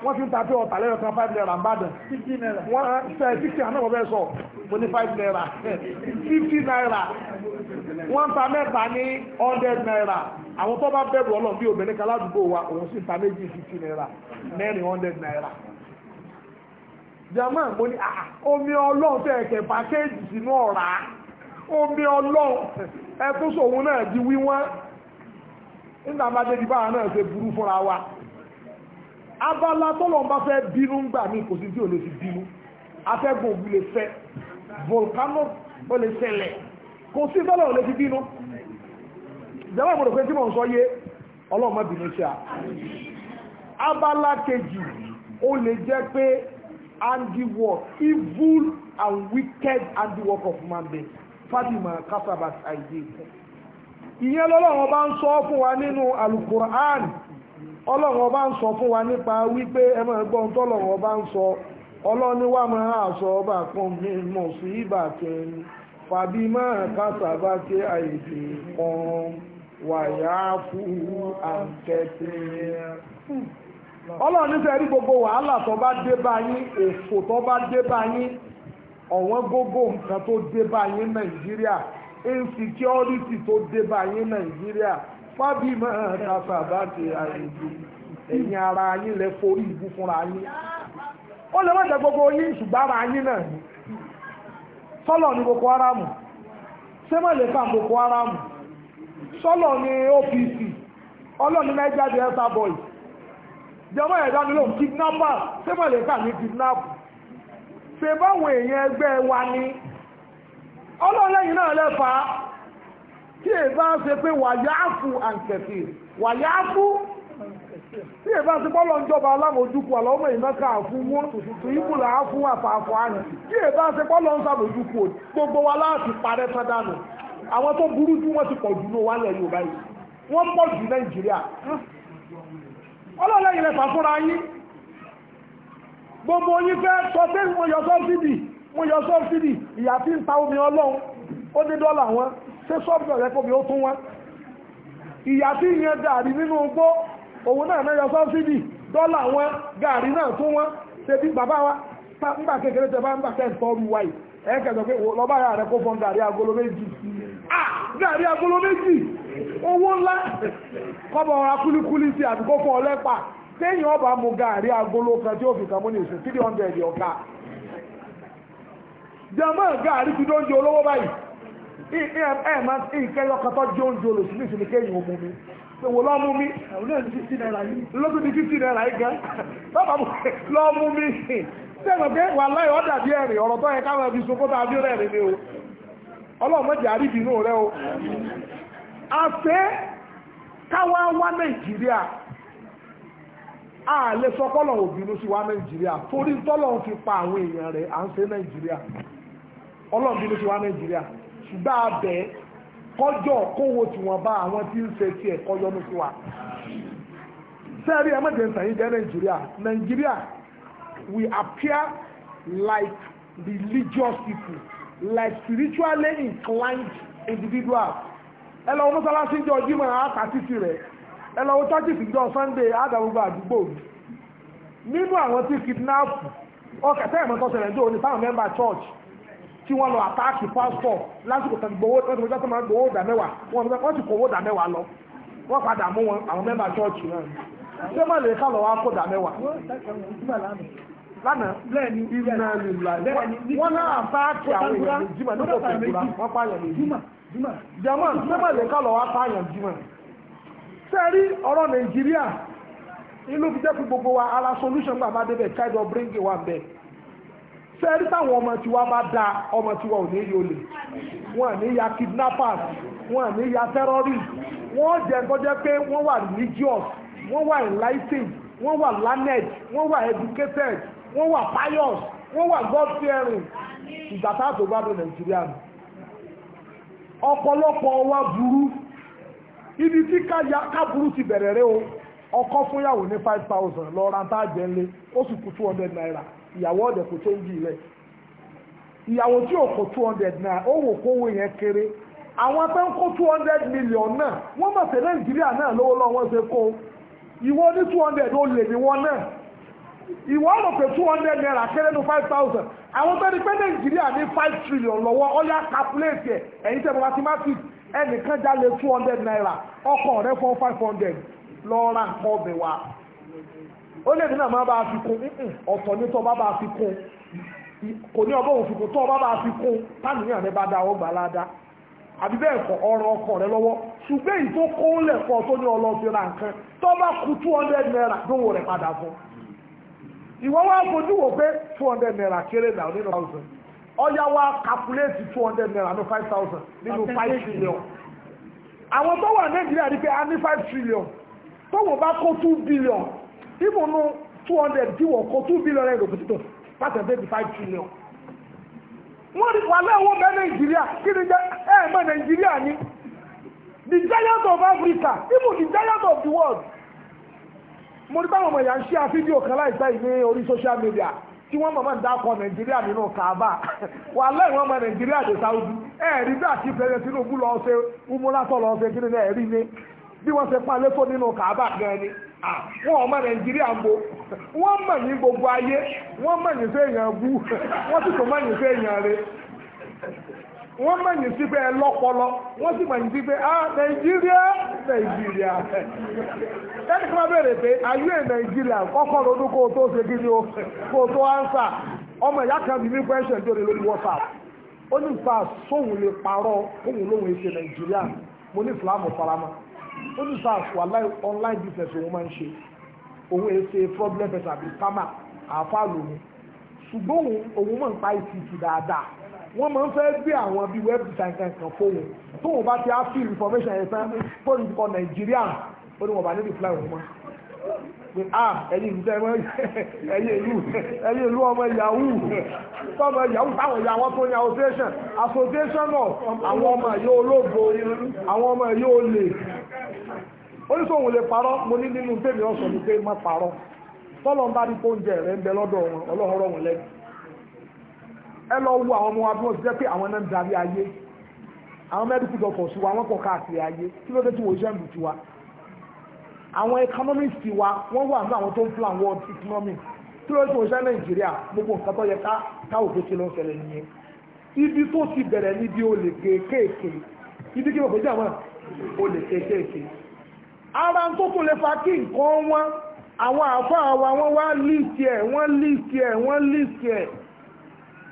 wọ́n ti ń ta pé ọ̀tà lẹ́yìn ọ̀tà five naira ìbàdàn wọ́n ṣe sixty àná ọ̀bẹ sọ mo ní five naira fifty naira wọ́n ta mẹ́ta ní hundred naira àwọn tó bá bẹ̀rù ọlọ́run bí obìnrin kan ládùúgbò wa òun sì ń ta méjì fifty naira mẹ́rin hundred naira jama mo ní ah, ah, omi ọlọ́run tẹ̀ kẹ̀ pàkéjì sínú ọ̀rá omi ọlọ́run. ẹtún sòun náà di wíwọ́n nígbà na dé dìbò àwọn náà ṣe burú fúnra wa abala tọ́lọ́n bá fẹ́ bínú ń gbà mí kò sí tí ò lè fi bínú lè fẹ́ volcano ó lè ṣẹlẹ̀ kò sí ò lè fi bínú abala kejì ó lè jẹ́ pé handiwork evil and fábìmọ̀ kásábà àìdè ìyẹn bá ń sọ fún wa nínú alukur'an ọlọrọ bá ń sọ fún wa nípa wípé ẹ máa bá ń sọ ọlọ́ni wà sọ ọba kan mọ̀ sí kan wàyà fún àǹkẹ́tẹ́ rí gbogbo wàhálà tó bá dé bá òfò tó bá dé bá ọ̀wọ́n gógó nǹkan tó dé báyìí nàìjíríà insecurity tó dé báyìí nàìjíríà fábímọ̀ kàfà bá ti àyèjì ẹ̀yìn ara yín lẹ forí ìbú fúnra yín ó lè má jẹ gbogbo yín ṣùgbọ́n ara yín náà ni sọ́lọ̀ ní Boko Haram sẹ́mọ̀lẹ́ kan Boko Haram sọ́lọ̀ ní OPC ọlọ́ọ̀ni Niger Delta Boys jẹ́mọ̀ ẹ̀dá nílò kidnapper sẹ́mọ̀lẹ́ kan ní kidnapper ṣe báwọn èèyàn ẹgbẹ́ wa ni ọlọ́lẹ́yìn náà lẹ́fà tí è bá ṣe pé wàyáàfù àǹkẹ̀sì wàyáàfù tí è bá ṣe bọ́lọ̀ ń jọba alámòjúkú àlọ́mọ ìmẹ́ka àfúwó ìbùlà àfú àfààfọ̀ àyè tí è bá ṣe bọ́lọ̀ ń sàmójúkú gbogbo wa láti parẹ́ sádánù àwọn tó burú jù wọ́n ti pọ̀ jù ní wálẹ̀ Yorùbá yìí wọ́n pọ̀ jù Nàìjíríà ọlọ́lẹ́yìn lẹ́fà fúnra yín gbogbo yín fẹ́ sọ pé mo yọ sọ́bsìdì mo yọ sọ́bsìdì ìyà tí ń ta omi ọlọ́run ó dé dọ́là wọn ṣé sọ́bsìdì ọ̀rẹ́ kóbi ó tún wọn ìyà tí ìyẹn gàrí nínú gbó òun náà dọ́là wọn gàrí náà tún wọn ṣe bí bàbá wa nígbà kékeré tẹ bá ń kẹsàn pé lọ́ba rẹ kó fọ́n gàrí agolo méjì gàrí agolo méjì owó ńlá kọ́bọ̀ kúlíkúlí àdúgbò fún ọlẹ́pàá téèyàn ọba mu gaari agolo kan tí ó fi kàmú ní ìsìn three hundred ọ̀ka jama gaari ti dóúnjẹ olówó báyìí ẹ máa ìkẹyọ kọtọ jẹ oúnjẹ ní ìsìn kéèyàn mú mi wò lọ mú mi lọ́dún ní fifty naira yìí gan bàbá mu lọ mú mi sẹ́yìn pé wà láyé ọ̀dà bí ẹ̀rìn ọ̀rọ̀ tó yẹ káwọn ẹbí so kótó abíọ́ rẹ̀ ni o ọlọ́run inú o àṣẹ a lè sọ òbínú sí wa nàìjíríà torí tọ́lọ̀ fi pa àwọn èèyàn rẹ̀ à ń ṣe nàìjíríà ọlọ́run bínú sí wa nàìjíríà ṣùgbọ́n abẹ́ kọjọ́ kówó tí wọ́n bá àwọn tí ń ṣe tí ẹ̀ kọ́ yọnu sí wa sẹ́ẹ̀rí ẹ̀mọ́jẹ̀nsán yìí jẹ́ nàìjíríà nàìjíríà we appear like religious people like spiritually inclined individuals ẹ lọ́wọ́ mọ́sálásí jọ jímọ̀ àtàtìsí rẹ̀ ẹ lọ wo churches sunday ádàgbogbo àdúgbò nínú àwọn tí kidnap ọkẹ tẹ́ ìmọ̀ tọ́sẹ̀lẹ̀ ní òní mẹ́mbà church tí wọ́n lọ àtáàkì pásítọ̀ lásìkò tán gbowó wọ́n gbowó máa gbowó dà mẹ́wàá wọ́n ti kówó dà mẹ́wàá lọ wọ́n padà mú wọn àwọn mẹ́mbà church náà ṣé má lè ká lọ wá kó dà mẹ́wàá. lánàá ìrìnà ìlà wọn náà àtáàkì àwọn èèyàn jimá nígbà tó pààyàn ṣé má lè sẹ́rí ọ̀rọ̀ nàìjíríà inú fi jẹ́ pé gbogbo wa ara solution gbà bá débẹ̀ child of bring wa bẹ̀ sẹ́rí táwọn ọmọ tiwa bá da ọmọ tiwa ò ní yí olè wọn à ní ya kidnappers wọn à ní ya terrorists wọn jẹ́ nǹkan jẹ́ pé wọ́n wà religious wọ́n wà enlightened wọ́n wà learned wọ́n wà educated wọ́n wà pious wọ́n wà god fearing ìgbà táàtò gbádùn nàìjíríà ọ̀pọ̀lọpọ̀ wa burú ibi tí káburú ti bẹ̀rẹ̀ rẹ o ọkọ fúnyàwó ní five thousand lọ ra tá a jẹ ńlé ó sì two hundred naira ìyàwó ọ̀dẹ̀ kò change ilẹ̀ ìyàwó tí ò kó two hundred naira ó wò kówó yẹn kéré àwọn tó ń kó two hundred million náà wọ́n mọ̀ sí nàìjíríà náà lówó lọ́wọ́ wọ́n ṣe kó ìwọ ní two hundred ó lè ní wọn náà ìwọ rò pé two hundred naira kéré ní five thousand àwọn tó ní pé nàìjíríà ní five trillion lọ́wọ́ ó yá calculate ẹ̀ tẹ̀ mọ́ mathematics ẹnìkan jálè two hundred naira ọkọ rẹ fún five hundred lọ nǹkan ọbẹ̀ wa ó lè àmọ́ bá a fi kún ọ̀tọ̀ ní tọ́ bá bá a fi kún kò ní bá bá a fi kún da ọgbà ládàá ọkọ rẹ lọ́wọ́ tó kó tó ní ra two hundred naira rẹ̀ padà fún two hundred naira kéré náà nínú ọyá wa calculate two hundred naira ní five thousand nínú five trillion àwọn tó wà nàìjíríà rí pé a ní five trillion tó wọ́n bá kó two billion ìmùnú two hundred tí wọ́n kó two billion rẹ̀ lòkùtìtò pàṣẹ bẹ́ẹ̀ five trillion wọ́n rí wàhálà owó bẹ́ẹ̀ nàìjíríà kí ni jẹ́ ẹ̀ mọ́ nàìjíríà ni the giant of Africa even the giant of the world mo ní báwọn ọmọ ìyá ń ṣe àfídíò kan láìpẹ́ yìí orí social media. tí wọ́n mọ̀mọ́ dákọ̀ nàìjíríà nínú kaaba wà lẹ́yìn wọn mọ nàìjíríà dé bí àti tinubu lọ ṣe umúlátọ̀ lọ ṣe kíni náà ẹ̀rí ni bí wọ́n ṣe palẹ́ tó nínú kaaba gan ni wọ́n nàìjíríà ń bo wọ́n ní gbogbo ayé wọ́n mọ̀ wọ́n wọ́n mọ̀yìn sí pé ẹ lọ́pọlọ wọ́n sì mọ̀yìn sí pé ah nàìjíríà nàìjíríà ẹni kí wọ́n béèrè pé ayé nàìjíríà kọ́kọ́ lọ́dún kó o tó ṣe kí ni o kó o tó ánsà ọmọ ìyá kan bíi whatsapp ó ní nípa sóhun lè parọ́ òun lóhun èsè nàìjíríà mo ní ìsìlámù farama ó ní àṣù online business òun máa ń ṣe òun èsè problem farmer lòun ṣùgbọ́n òun máa ń wọ́n máa ń fẹ́ gbé àwọn bíi web design kankan fóun tóun bá ti á fi information yẹn tán fóun ti kọ nàìjíríà ó ní wọn bá ní reply wọn mọ́ pé ah ẹ̀yin ìlú ẹ̀yin ìlú ẹ̀yin ìlú ọmọ yahoo tọ́mọ yahoo táwọn ìyá wọn tó ní association association of àwọn ọmọ yóò olóògbò àwọn ọmọ yóò lè oníṣòwò lè parọ́ mo ní nínú tèmi ọ̀sán ni pé má parọ́ tọ́lọ́ ń bá ní kó oúnjẹ rẹ̀ ń bẹ lọ́dọ̀ wọn ọlọ́run wọn lẹ́nu ẹ lọ wo àwọn ọmọ wa bí wọ́n ti jẹ́ pé àwọn náà ń darí ayé àwọn medical doctors wa wọ́n pọ̀ káàkiri ayé kí ló dé tí wọ́n ṣe ń lù tiwa àwọn economists wa wọ́n wà ní àwọn tó ń plan world economy kí ló dé tí wọ́n ṣe ń nàìjíríà gbogbo nǹkan tó yẹ ká káwọ́ pé kí ló ń ṣẹlẹ̀ nìyẹn ibi tó ti bẹ̀rẹ̀ níbi olè kéékèèké ibi kí wọ́n pè jẹ́ àwọn olè kéékèèké ara tó tún lè fa kí nǹkan wọn àwọn àfáà wa wọ́n wá líìsì ẹ̀ wọ́n líìsì ẹ̀ wọ́n líìsì ẹ̀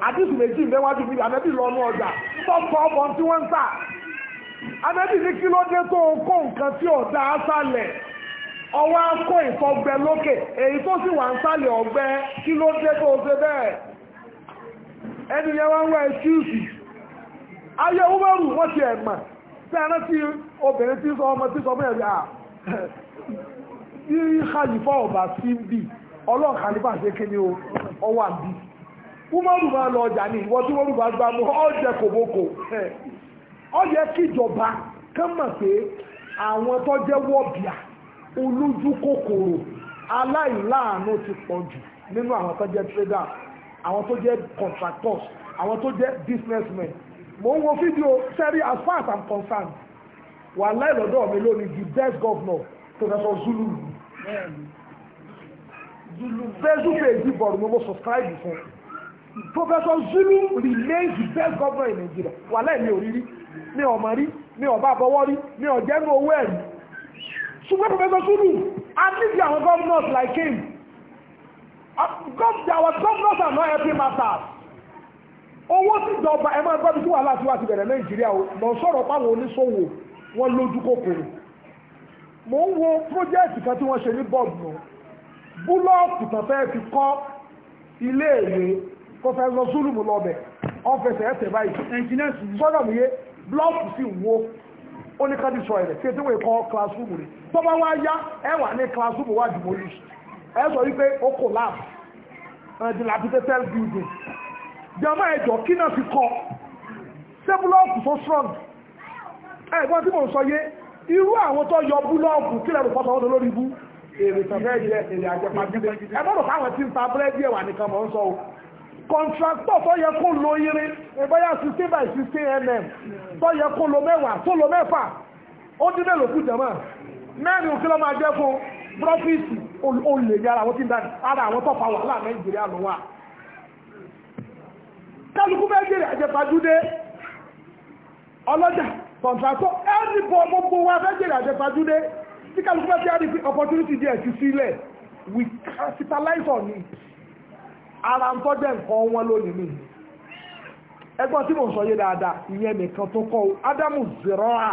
àdìsù méjì ń bẹ wájú mi àmẹ́bí lọ ọmọ ọjà tọ́pọ̀ ọmọ tí wọ́n ń tà àmẹ́bí ní kí ló dé tó kó nǹkan tí ọ̀dà aṣálẹ̀ ọwọ́ akó ìfọgbẹ lókè èyí tó sì wà ń sálẹ̀ ọgbẹ kí ló dé tó ṣe bẹ́ẹ̀ ẹni yẹn wá ń wá ẹkíùsì ayé wúmọ́rù wọ́n ti ẹ̀mà tí ẹran tí obìnrin tí sọ ọmọ tí sọ à sí umaru máa lọ ọjà ní ìwọ tí umaru bá gbá mú ọjẹ kòbókò ọyẹ kíjọba kán mọ̀ pé àwọn tó jẹ́ wọ́bìà olójú kòkòrò aláìláàánú ti pọ̀ jù nínú àwọn tó jẹ́ trader àwọn tó jẹ́ contractors àwọn tó jẹ́ businessmen mo ń wo fídíò sẹ́rí as far as I'm concerned wà láìlọ́dọ̀ mi lónìí the best governor Professor Zulu Zulu Facebook page Borno mo subscribe fún un. Professor Zulu remains the best governor in Nigeria wàhálà mi ò rírí mi ò mọ̀ rí mi ò bá bọ́wọ́ rí mi ò jẹ́nu owó ẹ̀rí ṣùgbọ́n Professor Zulu at least àwọn governors like him our governors are not helping matters owó tí ìjọba ẹ máa gbọ́dọ̀ tí wàhálà tí wàá ti bẹ̀rẹ̀ Nàìjíríà o mọ̀ sọ̀rọ̀ páwọn oníṣòwò wọn lójú kòkòrò mò ń wo project kan tí wọ́n ṣe ní bọ́ọ̀dù náà búlọ́ọ̀kù tán fẹ́ fi kọ́ ilé ìwé tó fẹ́ lọ súlùmù lọ́bẹ̀ ọ́fẹsẹ̀ ẹsẹ̀ báyìí ẹnjìnẹ́sì sọ́dọ̀ mi yé blọ́ọ̀kù sí wo ó ní ká destroy rẹ̀ kí ètò ìkọ́ classroom rẹ̀ tó bá wá yá ẹ wà ní classroom wá jù mọ́lú ẹ sọ wípé ó collapse dilapidated building jama ẹjọ kí náà fi kọ ṣé búlọ́ọ̀kù tó strong ẹ̀gbọ́n tí mò ń sọ yé irú àwọn tó yọ búlọ́ọ̀kù kílẹ̀ ló pọ̀tọ̀ ọdún lórí ibú èrè tàbí ẹ̀jẹ̀ èrè àjẹpàdé ẹgbọ́n tó fáwọn tí ń ta búrẹ́dì ẹ̀wà nìkan mọ̀ ń sọ o kọ̀ǹtractọ̀ tó yẹ kó lo irin ìbáyà sixteen by sixteen mm tó yẹ kó lo mẹ́wàá tó lo mẹ́fà ó dín mélòó kù jẹ̀mọ́ mẹ́rin òkè ló máa jẹ́ fún prọ́fíìsì olè ní ara àwọn tí ń dání ara àwọn tó fa wàhálà nàìjíríà ló wà. kálukú nàìjíríà àjẹpàdúdé ọlọ́jà kọ̀ǹtractọ̀ ẹ̀rí bọ̀ gbogbo wa nàìjíríà àjẹpàdúdé tí kálukú bá ti rí opportunity díẹ̀ see sílẹ̀ we capitalize on it. ara ń tọ́jẹ́ nǹkan wọn lónìí mi ẹgbọ́n tí mo sọ yé dáadáa ìyẹn nìkan tó kọ́ ádámù zìrọ́à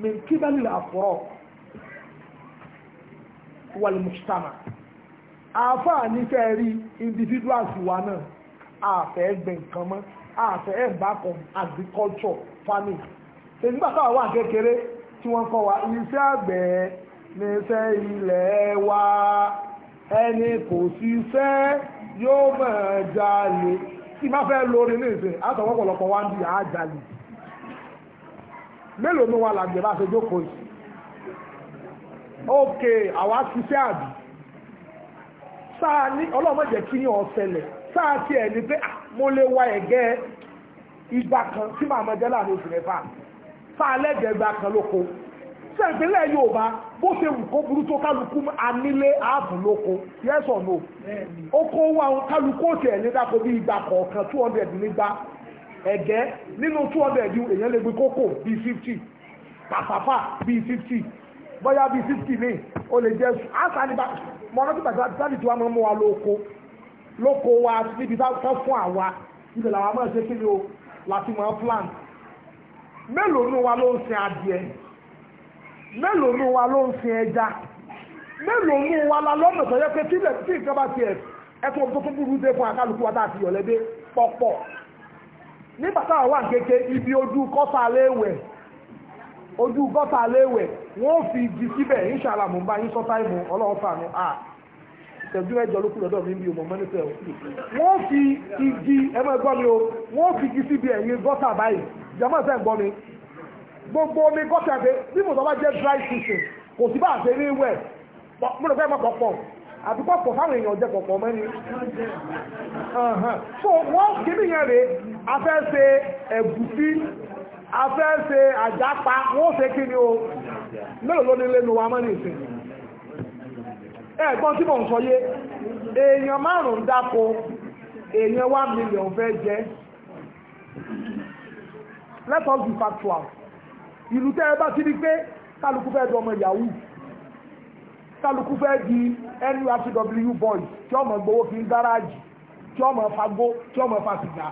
mi kí bá nílò àfọ́rọ́ wàlẹ̀ mùsùtàmà àáfàá nífẹ̀ẹ́ rí individuals wa náà àfẹ́ gbẹ̀ nǹkan mọ́ àfẹ́ embark agriculture farming ṣe nígbà wà kékeré tí wọ́n kọ́ wa iṣẹ́ àgbẹ̀ níṣẹ́ ilẹ̀ wa ẹni kò yóò máa jalè tí bá fẹ́ lórí ní ìsìn àtọwọ́ pọ̀lọpọ̀ wá ń di àájalè mélòó ni wà làgbẹ̀ bá ṣe jókòó yìí ókè àwa ṣiṣẹ́ àbí sáà ní ọlọ́mọdé kí ni ọ̀sẹ̀lẹ̀ sáà tí ẹ̀ ní pé ah, mo lè wa ẹ̀gẹ́ ìgbà kan tí màmá jẹ́ láàrin oṣù mẹ́fà sáà lẹ́gbẹ̀ẹ́ ìgbà kan lóko sẹ́ẹ̀pínlẹ̀ Yorùbá bó ṣe wù kó burú tó kálukú anílé ààbùn lóko yes or no oko wa kálukú òtí ẹ̀ ní dáko bí ìgbà kọ̀ọ̀kan two hundred nígbà ẹ̀gẹ́ nínú two hundred èèyàn lè gbé kókò bíi fifty pàpàpà bíi fifty bóyá bíi fifty ní o lè jẹ́ àṣà nípa mọ́nàtí pàtàkì tí wọ́n máa mú wa lóko lóko wa níbi tá fún àwa ibẹ̀ làwọn máa ṣe kí ni o láti mọ̀ plan mélòó nínú wa ló ń sin adìẹ mélòó nù wa ló ń sin ẹja mélòó nù wa la lọ́nà tó yẹ pé tí nǹkan bá ti ẹ̀fọ́ tó tún burú dé fún akálukú wa láti yọ̀lẹ́dẹ́ pọ̀pọ̀ nígbà táwa wà kéke ibi ojú kọ́sà léèwẹ̀ ojú gọ́tà léèwẹ̀ wọ́n fi igi síbẹ̀ ìṣàlà mò ń bá yín sọ́tà ìmọ̀ ọlọ́run fàánù à ìṣẹ́jú mẹ́jọ ló kúrò lọ́dọ̀ mi bí ọmọ mẹ́nìfẹ́ o wọ́n fi igi ẹ̀mọ́ ẹ̀gbọ́n mi o wọ́n fi igi síbi ẹ̀yìn gọ́tà báyìí jẹ́mọ́ ẹ̀fẹ́ ń mi gbogbo omi gọ́tà pé bí mo sọ bá jẹ́ dry season kò sí bá àṣẹ rí wẹ̀ mo lè fẹ́ mọ́ pọ̀pọ̀ àti pọ̀pọ̀ fáwọn èèyàn jẹ pọ̀pọ̀ mẹ́ni so wọ́n kìíní yẹn rèé a fẹ́ ṣe ẹ̀gúsí a fẹ́ ṣe àjápa wọ́n ṣe kí ni o mélòó ló ní lẹ́nu wa mọ́ni ìsìn ẹ̀gbọ́n tí mò ń sọ yé èèyàn márùn-ún dáko èèyàn one million fẹ́ jẹ́ let us be factual ìlú tẹ́ ẹ bá ti rí pé kálukú fẹ́ di ọmọ yahoo kálukú fẹ́ di nurcw boys tí ọmọ gbowó kí n gáràjì tí ọmọ fagbó tí ọmọ fàṣìgá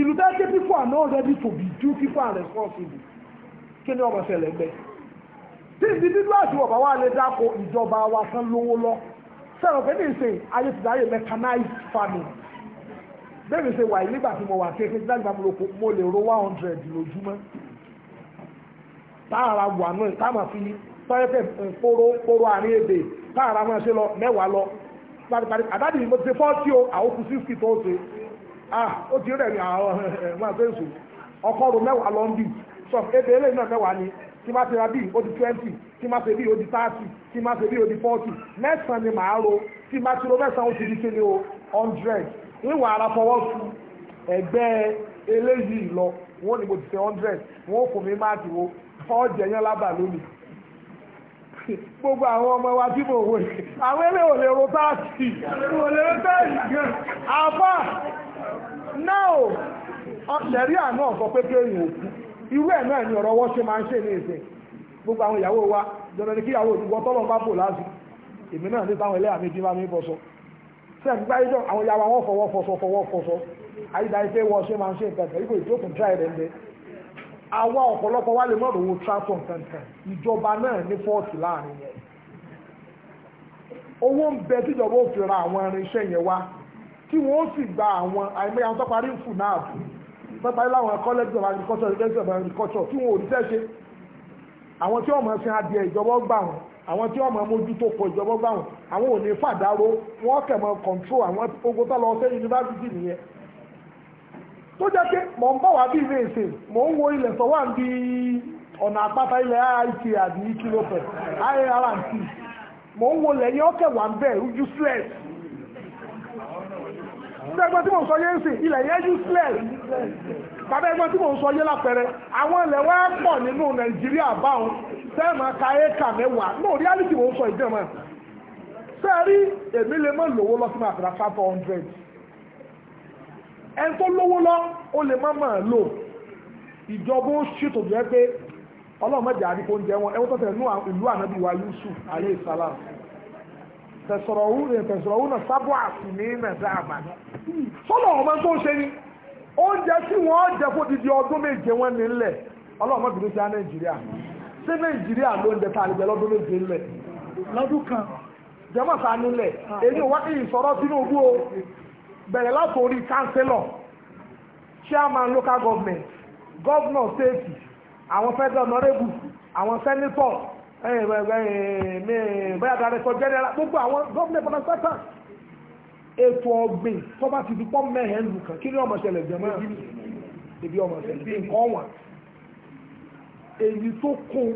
ìlú tẹ́ ké people are not ready to be due people are responsible kí ni ọmọ ṣẹlẹ̀ gbẹ tí individuals wọ̀ bá wà lè dáko ìjọba wa san lówó lọ sẹ́wọ̀n pé ní ìsìn ayé ti dáyé mechanized farming bẹ́ẹ̀ ni ṣe wà nígbà tí mo wà kékeré nígbà tí mo lè ro one hundred lójúmọ́ táàrà wà náà táàmà fi tọ́yẹ́fẹ́ póró eh, àárín èdè táàrà máa ṣe lọ mẹ́wàá lọ paripari àdáàdì mo ti ṣe fọ́ọ̀tì o àwọn kù sí fìtọ́ ṣe ah ó ti rẹ̀ ní àwọn ẹ̀wọ̀n àgbẹ̀sù ọkọ̀rùn mẹ́wàá lọ ń bì sọ èdè eléyìí náà mẹ́wàá ni tí má ṣe ra bí ó di twenty tí má ṣe bí ó di thirty tí má ṣe bí ó di forty mẹ́sàn-án ni màá ro tí má ṣe ro mẹ́sàn-án ó ti di kéde o hundred ìwà ara fọwọ́ su ẹgbẹ́ eléyìí lọ wọ́n ní mo ti ṣe hundred wọ́n fún mi máàkì wo ọ̀jẹ̀ yẹn lábà lónìí gbogbo àwọn ọmọ wa tí mo wò àwọn eré òlè ro táàtì òlè ro táàtì gan àbá náà ọ̀sẹ̀rí àná ọ̀sọ̀ pé kéèyàn òkú irú ẹ̀ náà ni ọ̀rọ̀ wọ́n ṣe máa ń ṣe ní ìsìn gbogbo àwọn ìyàwó wa dandan ni kíyàwó òdìgbọ́ tọ́lọ̀ bá bò láti èmi náà ní táwọn ẹlẹ́yà mi bí bá mi bọ̀ sọ sẹ́ẹ̀n gbá ìjọ àwọn ìyàwó àwọn fọwọ́ fọsọ fọwọ́ fọsọ ayídáyé pé wọ́n ṣe máa ń ṣe nǹkan kan ikú àwa ọ̀pọ̀lọpọ̀ wa lè mọ̀rọ̀ owó tractor kankan ìjọba náà ní fọ́ọ̀tì láàrin yẹn owó ń bẹ tíjọba ó fi ra àwọn irinṣẹ́ yẹn wá tí wọ́n sì gba àwọn àìmọye àwọn tọ́parí ń fù náà bù tọ́parí láwọn college of agriculture university of agriculture tí wọ́n ò ní tẹ́ṣe àwọn tí wọ́n mọ̀ sí adìẹ ìjọba gbà wọn àwọn tí wọ́n mọ̀ mójútó pọ̀ ìjọba gbà wọn àwọn ò ní fàdáró wọ́n kẹ̀ mọ́ control àwọn ogun tó lọ sí yunifásitì nìyẹn tó jẹ́ pé mọ̀ ń bọ̀ wá bí ilé ìsìn mọ̀ ń wo ilẹ̀ sọ́wọ́ àbí ọ̀nà àpáta ilẹ̀ it àbí kilopẹ̀ irnt mọ̀ ń wo lẹ́yìn ọ̀kẹ́ wà ń bẹ̀ useless tí sọ yé ń ilẹ̀ yẹn useless bàbá tí sọ yé àwọn ilẹ̀ wá pọ̀ nínú nàìjíríà ka mẹ́wàá sọ sẹ́ẹ̀rí èmi lè ẹni tó lówó lọ ó lè má máa lò ìjọba ó ṣètò jẹ́ pé ọlọ́mọdé àdìpọ̀ oúnjẹ wọn ẹwọ́n tó tẹ̀ nú ìlú ànábì wa Yusuf alayhi salam tẹ̀sọ̀rọ̀ òun eh, náà sábọ̀ àti ní nàìjíríà ọmọ tó ń ṣe ni oúnjẹ tí jẹ fún didi ọdún méje wọn nílẹ̀ ọlọ́mọdé á Nàìjíríà Nàìjíríà ló ń jẹ tá a lè méje lọ́dún kan nílẹ̀ ah. èyí wá o bẹ̀rẹ̀ látòrí chancellor chairman local government governor safety àwọn federal honourable àwọn senator eh, eh, eh, bẹ́ẹ̀ director general gbogbo àwọn government for the sector ètò ọ̀gbìn tó bá ti di pọ́ mẹ́hẹ̀ẹ́ lù kan kí ni ọmọ ṣẹlẹ̀ jẹ̀mọ́ ibi ọmọ ṣẹlẹ̀ nǹkan wà èyí tó kún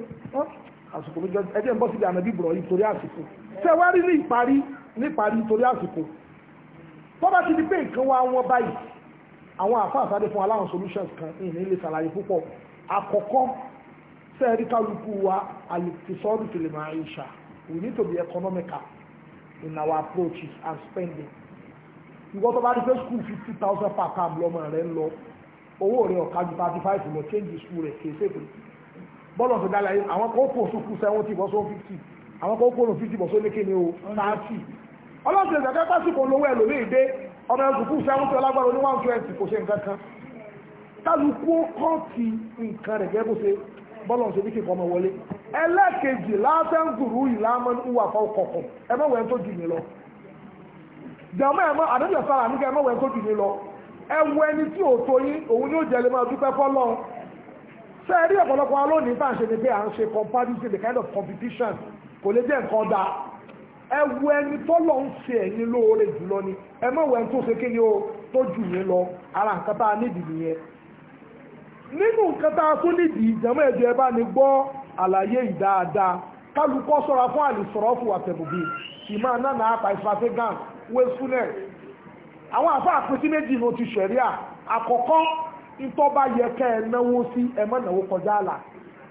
àsìkò mi jọ ẹjẹ́ ń bọ́ síbi ànábì bùrọ̀ yìí torí àsìkò ṣé wá rí ní ìparí níparí torí àsìkò tó ti di pé nǹkan wá wọn báyìí àwọn àfáàsáde fún aláwọn solutions kan ní ilé ṣàlàyé púpọ̀ àkọ́kọ́ sẹ́ẹ̀rí kálukú wa àlùfisọ́ọ̀dù tìlẹ̀mọ̀ àìṣà we need to be economical in our approaches and spending ìwọ́n tó bá di pé school fifty thousand per term lọ́mọ rẹ̀ ń lọ owó rẹ̀ ọ̀ka ju thirty five lọ change school rẹ̀ kìí ṣèpè bọ́ọ̀lù ọ̀sẹ̀ dálẹ̀ àwọn kan ó pò sókù seventy bọ́sọ̀ fifty àwọn kan ó pò fifty bọ́sọ̀ ní kéde o thirty ọlọ́sẹ̀ ìdàkẹ́ pásìkò lówó ẹ̀ lórí ìdé ọmọ ẹ̀sùnkú sẹ́wọ́n tó lágbára ní 120 kò ṣe nǹkan kan kálukú kọ́ọ̀tì nǹkan rẹ̀ gẹ́gẹ́ bó ṣe bọ́lọ̀ ṣe bí kíkọ́ ọmọ wọlé ẹlẹ́kejì látẹ́ǹgùrú ìlàmọ́ ìwà fọ́kọ̀kọ̀ ẹmọ́wẹ̀ tó jù mí lọ jàmọ́ ẹ̀mọ́ àdéjọ sára nígbà ẹmọ́wẹ̀ tó jù mí lọ ẹwọ ẹni tí ò tó yín òun yóò jẹ́ lè máa dúpẹ́ fọ́lọ́ ṣe rí ọ̀pọ̀lọpọ̀ alónìí bá ń ṣe ni pé à ń ṣe comparison the kind of competition kò lè jẹ́ nǹkan dáa ewu ẹni tọ́lọ̀ ń ṣe ẹ̀yin lóore jùlọ ni ẹ má tó o tó jù lọ ara nǹkan tá a nídìí nìyẹn nínú nǹkan tá a tún nídìí ìjàmọ́ ẹ̀jọ̀ ẹ bá ní gbọ́ àlàyé ìdáadáa kálukọ́ sọ́ra fún àlìsọ̀rọ̀fù àtẹ̀bùbí ìmọ̀ náà náà gan ìfàṣẹ́gàn wẹ́sùnẹ̀ àwọn àfáà àpèsí méjì ní a ṣẹ̀ríà àkọ́kọ́ ìtọ́ba yẹ kẹ́ ẹ náwó sí náwó kọjá àlà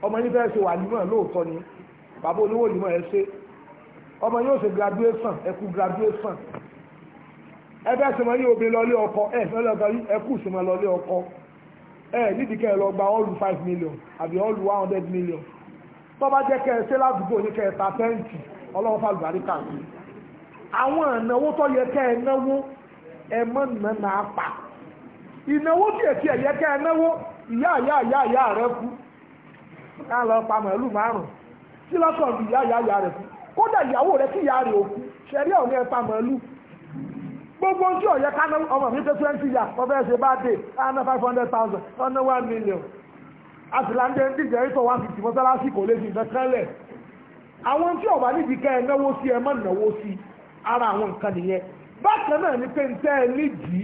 ọmọ yín ni bàbá oníwò nímọ̀ ẹ ṣe ọmọ yóò ṣe graduation ẹkú graduation ẹgbẹ́ sọmọ yìí obìnrin lọ lé ọkọ ẹ lọ́lọ́gọ́ yìí ẹkú sọmọ lọ lé ọkọ ẹ nídìí kẹ́ ẹ lọ gba all five million àbí all one hundred million tó bá jẹ́ kẹ́ ẹ ṣe ládùúgbò ní kẹ́ ẹ ta tẹ́ǹtì ọlọ́run fàlùbárí káàkiri àwọn ìnáwó tó yẹ kẹ́ ẹ náwó ẹ mọ́ nà náà pa ìnáwó tí èsì ẹ̀ yẹ kẹ́ ẹ náwó ìyá ìyá ìyá ìyá rẹ kú ká lọ pa màálù márùn-ún kí lọ́kàn bí ìyá ìyá ìyá rẹ kú kódà ìyàwó rẹ̀ kí ìyá rẹ̀ òkú ṣẹ̀rí ọ̀nà ẹ̀fà màálù gbogbo ojú ọ̀yẹ́ ká ọmọ mi pé twenty years wọ́n fẹ́ẹ́ ṣe bá dé ana five hundred thousand ọ̀nà one million àtìláńdé ń dìjẹ́ ìtọ̀ one fifty mọ́sálásí kò lè fi nǹkan kẹ́lẹ̀ àwọn tí ọ̀bà nídìí ká ẹ náwó sí ẹ má náwó sí ara àwọn nǹkan nìyẹn bákan náà ni pé ń tẹ́ ẹ nídìí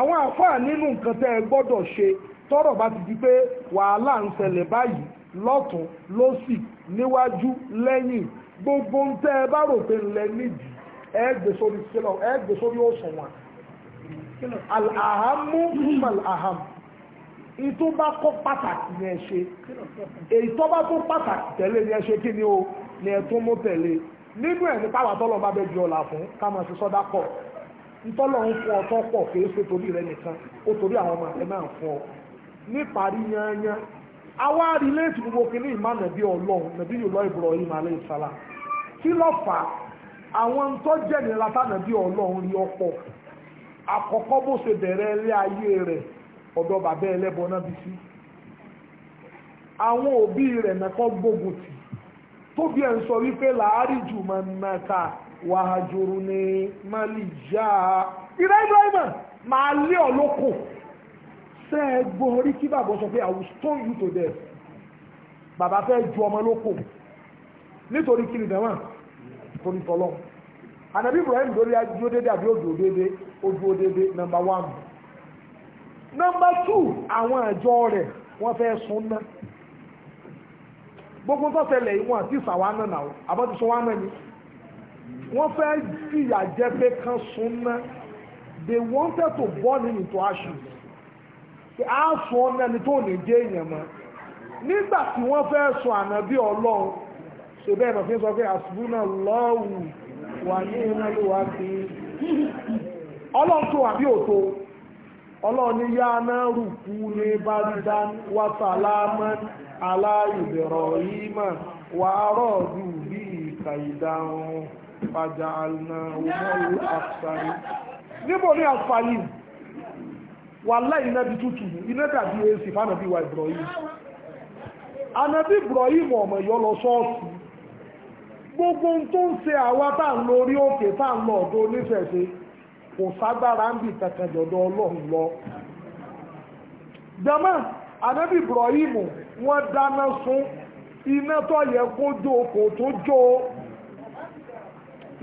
àwọn àfáà nínú nǹkan tẹ́ ẹ gbọ́dọ̀ ṣe tọ́rọ̀ bá ti di pé wàhálà ń ṣẹlẹ̀ báyìí lọ́tún lọ́sì níwájú lẹ́yìn gbogbo ń tẹ́ ẹ bá rò pé ńlẹ̀ níjì ẹ gbé sórí sílọ̀ ẹ gbé sórí òṣùwọ̀n al'ahamu mal'aham ìtò bá kọ́ pàtàkì ní ẹ ṣe èyí tó bá tó pàtàkì tẹ̀lé ní ẹ ṣe kí ni o ní ẹ tó mú tẹ̀lé nínú ẹ̀ ní pàwà tọ́lọ̀ bá bẹ ju ọ̀la fún káma ṣe sọ́dá pọ̀ ntọ́lọ̀ ń fún ọtọ́ pọ̀ kì í ṣe torí rẹ nìkan ó torí àwọn ọmọ ẹ̀ náà fún ọ níparí yányán àwa léètì gbogbo kìíní nàbí ọlọ́run nàbí yòlọ́ Ibrahim alayhi salam kí ló fà á àwọn tó jẹ́ nira tánàbí ọlọ́run rí ọ̀pọ̀ àkọ́kọ́ bó ṣe bẹ̀rẹ̀ ilé ayé rẹ̀ ọ̀dọ̀ bàbá ẹlẹ́bọ náà bí sí àwọn òbí rẹ̀ nìkan gbógun tì tóbi ẹ̀ ń sọ wípé làárí jù máa ń nàka wàhájòrò ní màlìjà ìrẹ́ ibrahima máa lé ọ ṣe é gbọ́ rí kí bàbá sọ pé I will stone you to death bàbá fẹ́ ju ọmọ lóko nítorí kiri dẹ̀wọ̀n torí tọ́lọ́ ànàbí Ibrahim lórí adúró dédé àbí òdúró dédé òdúró dédé nọmba one nọmba two àwọn àjọ rẹ̀ wọ́n fẹ́ sun ná gbogbo tọ́sẹ̀lẹ̀ yìí wọ́n àti ìsàwọ̀ àná nà ó àbọ̀tìsọ wọn àná ni wọ́n fẹ́ fìyà jẹ pé kan sun ná they wanted to burn him into ashes a sun ọ́nà ni tó ní jẹ́ èèyàn mọ́ nígbà tí wọ́n fẹ́ sun ànàbí Ọlọ́run ṣe bẹ́ẹ̀ mọ̀ fi sọ pé àṣùgbúnà lọ́wù wà ní ìrìnàlúwà sí ọlọ́tọ́ àbí òtó ọlọ́ni yá náà rùkú ní bàdá wàtàlámà aláìbẹ̀rọ̀ ìmà wà rọ̀dù bí ìkàìdáhùn padà àlùnà òmòrò àfààní níbo ní àfààní wà láì iná tútù iná dàbí èsì fánàbí wà ìbùrọ̀ yìí ànàbí ìbùrọ̀ yìí mọ̀ ọ̀mọ̀ yọ lọ sọ́ọ̀sì gbogbo tó ń ṣe àwa tá à ń lọ orí òkè tá à ń lọ kò ságbára ń bì kankan jọ̀dọ̀ ọlọ́run lọ. jama anabi ibrahim wọn dáná sun iná tó yẹ kó jó kò tó jó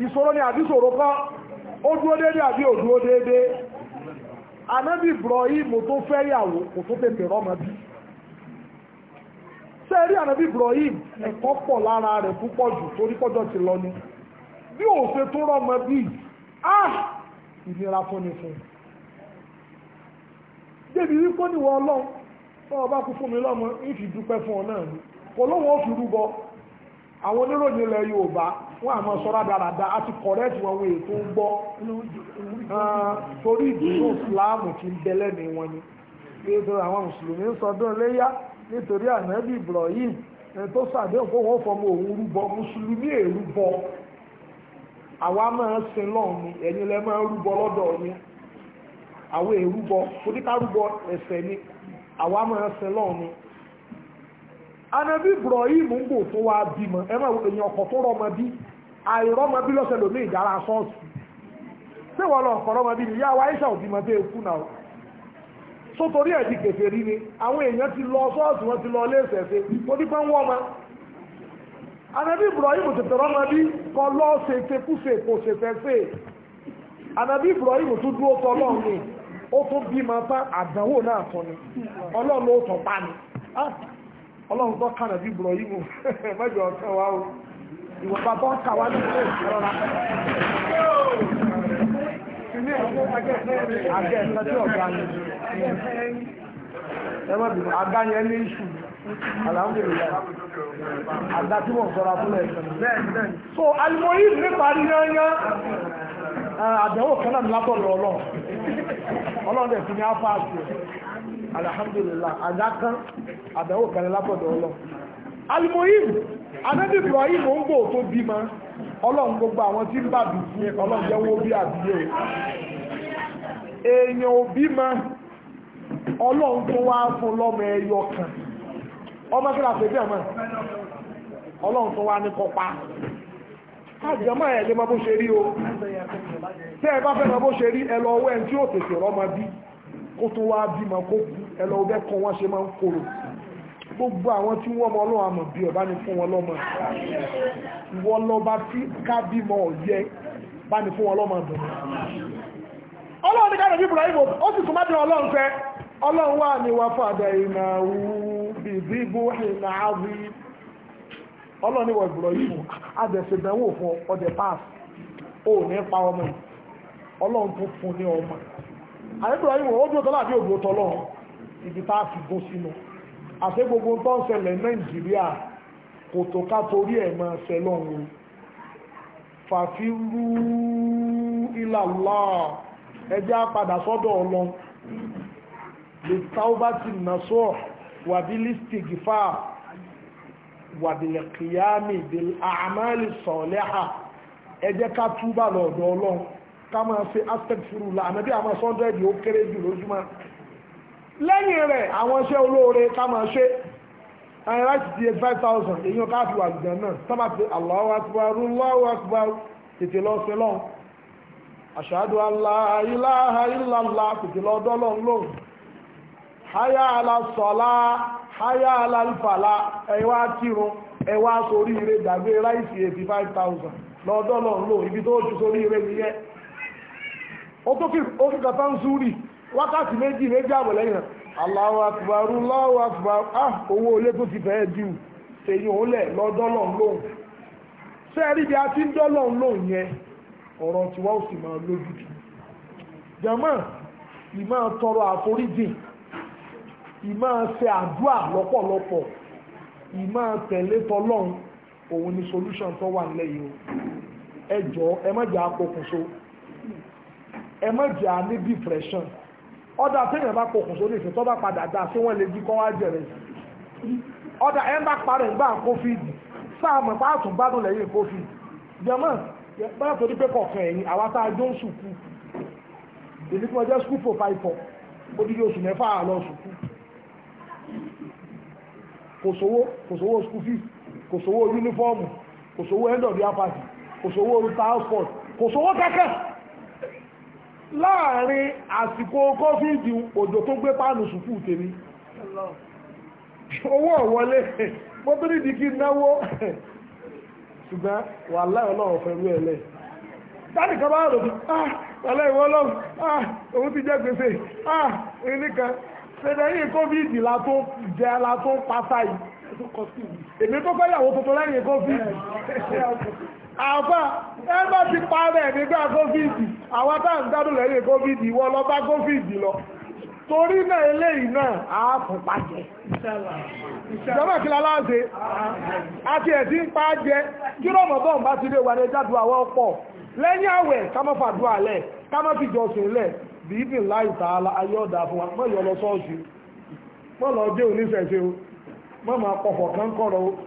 ìṣòro ni àbí ṣòro kọ́ ó dúró déédéé àbí ò dúró sẹ́ẹ̀rí ànábì Ibrahim ẹ̀kọ́ pọ̀ lára rẹ̀ púpọ̀ jù torí pọ́jọ́ ti lọ ni bí ò tó rọ́mọ bí ah ìnira tó fún débi wípé níwọ̀ ọlọ́run fún ọba kú fún mi lọ́mọ ń fi dúpẹ́ fún ọ náà ni kò lóun ó fi rúbọ àwọn oníròyìn ilẹ̀ Yorùbá wọn àmọ́ sọ́ra dáradá wọn nítorí ànábì Ibrahim tó sàdéhùn kó wọ́n fọmọ òun rúbọ mùsùlùmí èrúbọ àwa máa ń sin lọ́ọ̀ ni ẹ̀yin lẹ máa ń rúbọ lọ́dọ̀ oníkárúbọ ni àwa máa ń sin lọ́ọ̀ ni ànábì Ibrahim ń tó bímọ ẹ máa èèyàn tó rọmọ bí bí lọ́sẹ̀ wa sótorí ẹ̀ di ni àwọn èèyàn ti lọ ṣọ́ọ̀ṣì wọn ti lọ tó ma anabi ibrahim bí kọ́ lọ́ ṣe kò ṣe anabi ibrahim tún dúró tọ́ lọ́ọ̀ ni ó tún àdánwò ni ọlọ́run ló tọ̀ pa ni ah! ọlọ́run tó kànà bí ibrahim mẹ́jọ ọ̀sẹ̀ wa o ìwọ̀n bàbá àgẹ́ ẹ̀sán tí ọ̀gá ni ẹgbẹ́ bìbọn àgá yẹn ní ìṣù alhamdulillah àgbà tí wọ́n sọ́ra fún ẹ̀sán so alimoyi nípa yányá àdánwò kan náà látọ̀lọ́ ọlọ́run ọlọ́run dẹ̀ fi ní áfáàsì alhamdulillah àgbà kan àdánwò kan látọ̀lọ́ ọlọ́run alimoyim anábì Ibrahim ń gbò tó bí ma ọlọ́run gbogbo àwọn tí ń bà bí fún ọlọ́run jẹ́wọ́ bí àbíyẹ èèyàn ò bí ma ọlọ́run tó wá fún lọ́mọ ẹyọ kan ọmọ kí láti ẹbí ọmọ ọlọ́run tó wá ní kọpa kájọmọ́ ẹ̀ lè mọ bó ṣe rí o tẹ́ ẹ bá fẹ́ mọ bó ṣe rí ẹ lọ ọwọ́ ẹ̀ tí ó tètè rọ́mọ bí kó tó wá bímọ kó kú ẹ lọ ọbẹ̀ kan wọ́n ṣe máa ń kóró gbogbo àwọn tí wọ́n mọ ọlọ́run àmọ̀ bí ọba ní fún wọn lọ́mọ ìwọ lọ́ba tí kábímọ ọ̀yẹ bá ní fún wọn lọ́mọ dùn ọlọ́run ní káàdì Ibrahim ó sì tún dín ọlọ́run fẹ́ ọlọ́run wà ní wàá fàdà ìnáwó bìbí bóhìn ọlọ́run ọmọ àti gbogbo tó ń ṣẹlẹ̀ nàìjíríà kò tó ká torí ẹ̀ máa ṣẹlọ wọn fàfirú ìlàlá ẹjẹ́ àpadà sọ́dọ̀ ọlọ́n lè táúbá ti nà sọ wàbílì stigifá wàbílì kìyàmì ìbílì àmàlì sọ̀lẹ́hà ẹjẹ́ ká túbà lọ́dọ̀ ọlọ́n ká máa ṣe aspect fúrú la àmẹ́bí àmà sọ́ndẹ̀dì ó kéré jù lójúmọ́ lẹ́yìn rẹ̀ àwọn iṣẹ́ olóore ká máa ṣe ẹ̀yìn láti di eighty five thousand èyí ká fi wà lùdàn náà sábà pé Allahu akbar Allahu tètè lọ sí lọ́hùn ashhadu an la tètè lọ dọ́lọ́ lóhùn háyà alásọ̀lá háyà ẹ̀wá kírun ire dàgbé ráìsì eighty five thousand lọ́dọ́lọ́ lóhùn ibi tó ti wákàtí méjì méjì àbọ̀ lẹ́yìn Allahu Akbar Allahu Akbar ah owó olé tó ti fẹ́ẹ́ dìú tèyí òun lẹ̀ lọ́dọ́lọ̀ lóhùn ṣé ẹ rí bí a ti ń dọ́lọ̀ lóhùn yẹn ọ̀rọ̀ tiwa ó sì máa lójú jù jàmọ́ ìmọ̀ tọrọ àforíjìn ìmọ̀ ṣe àdúà lọ́pọ̀lọpọ̀ ìmọ̀ tẹ̀lé tọlọ́run òun ni solution tó wà nílẹ̀ yìí o ẹ jọ ẹ má jẹ́ àpokùnso ẹ má jẹ́ à ní depression ọ̀dà tẹ́yìn bá pokùn sórí ìfẹ́ tó bá padà dá sí wọ́n lè jí kọ́ wá jẹ̀rẹ̀ ọ̀dà ẹ̀ ń bá parẹ̀ gbà covid sáàmù pààtùn gbádùn lẹ́yìn covid jẹ́mọ́ báyà torí pé kọ̀ọ̀kan ẹ̀yìn àwa tá a jó ń sùkú èmi tí wọ́n jẹ́ school for five four odidi oṣù mẹ́fà lọ sùkú kò sówó kò sówó school fees kò sówó uniform kò sówó end of year party kò sówó transport kò sówó kẹ́kẹ́ láàrin àsìkò kọ́fíìdì òjò tó gbé páànù sùkú tèmi owó ọ̀wọlé mo tó nídìí kí náwó ṣùgbọ́n wà láì ọlọ́run fẹ́rú ẹ̀ lẹ̀ dáàdì kan bá rò ah wàlẹ́ ìwọ ọlọ́run ah òun ti jẹ́ gbèsè ah ilé kan ṣẹlẹ̀yìn kọ́fíìdì la tó jẹ́ la tó pátá yìí èmi tó fẹ́ yàwó tuntun lẹ́yìn kọ́fíìdì àfà ẹgbẹ́ ti parẹ́ nígbà covid àwọn tá à ń dádùn lẹ́yìn covid ìwọ lọ bá covid lọ torí náà eléyìí náà àápùn pàjẹ́ ìjọba kí la láàáṣe àti ẹ̀sìn pa jẹ kí ló mọ̀ bọ́ọ̀ bá ti lè wà ní jáde àwọn ọ̀pọ̀ lẹ́yìn àwẹ̀ ká má fàdúrà lẹ̀ bíbí láì tààlà ayé ọ̀dà fún wa mọ́ ìyọ sọ́ọ̀sì mọ́ lọ dé oníṣẹ̀ṣe o mọ́ máa pọ̀fọ̀ o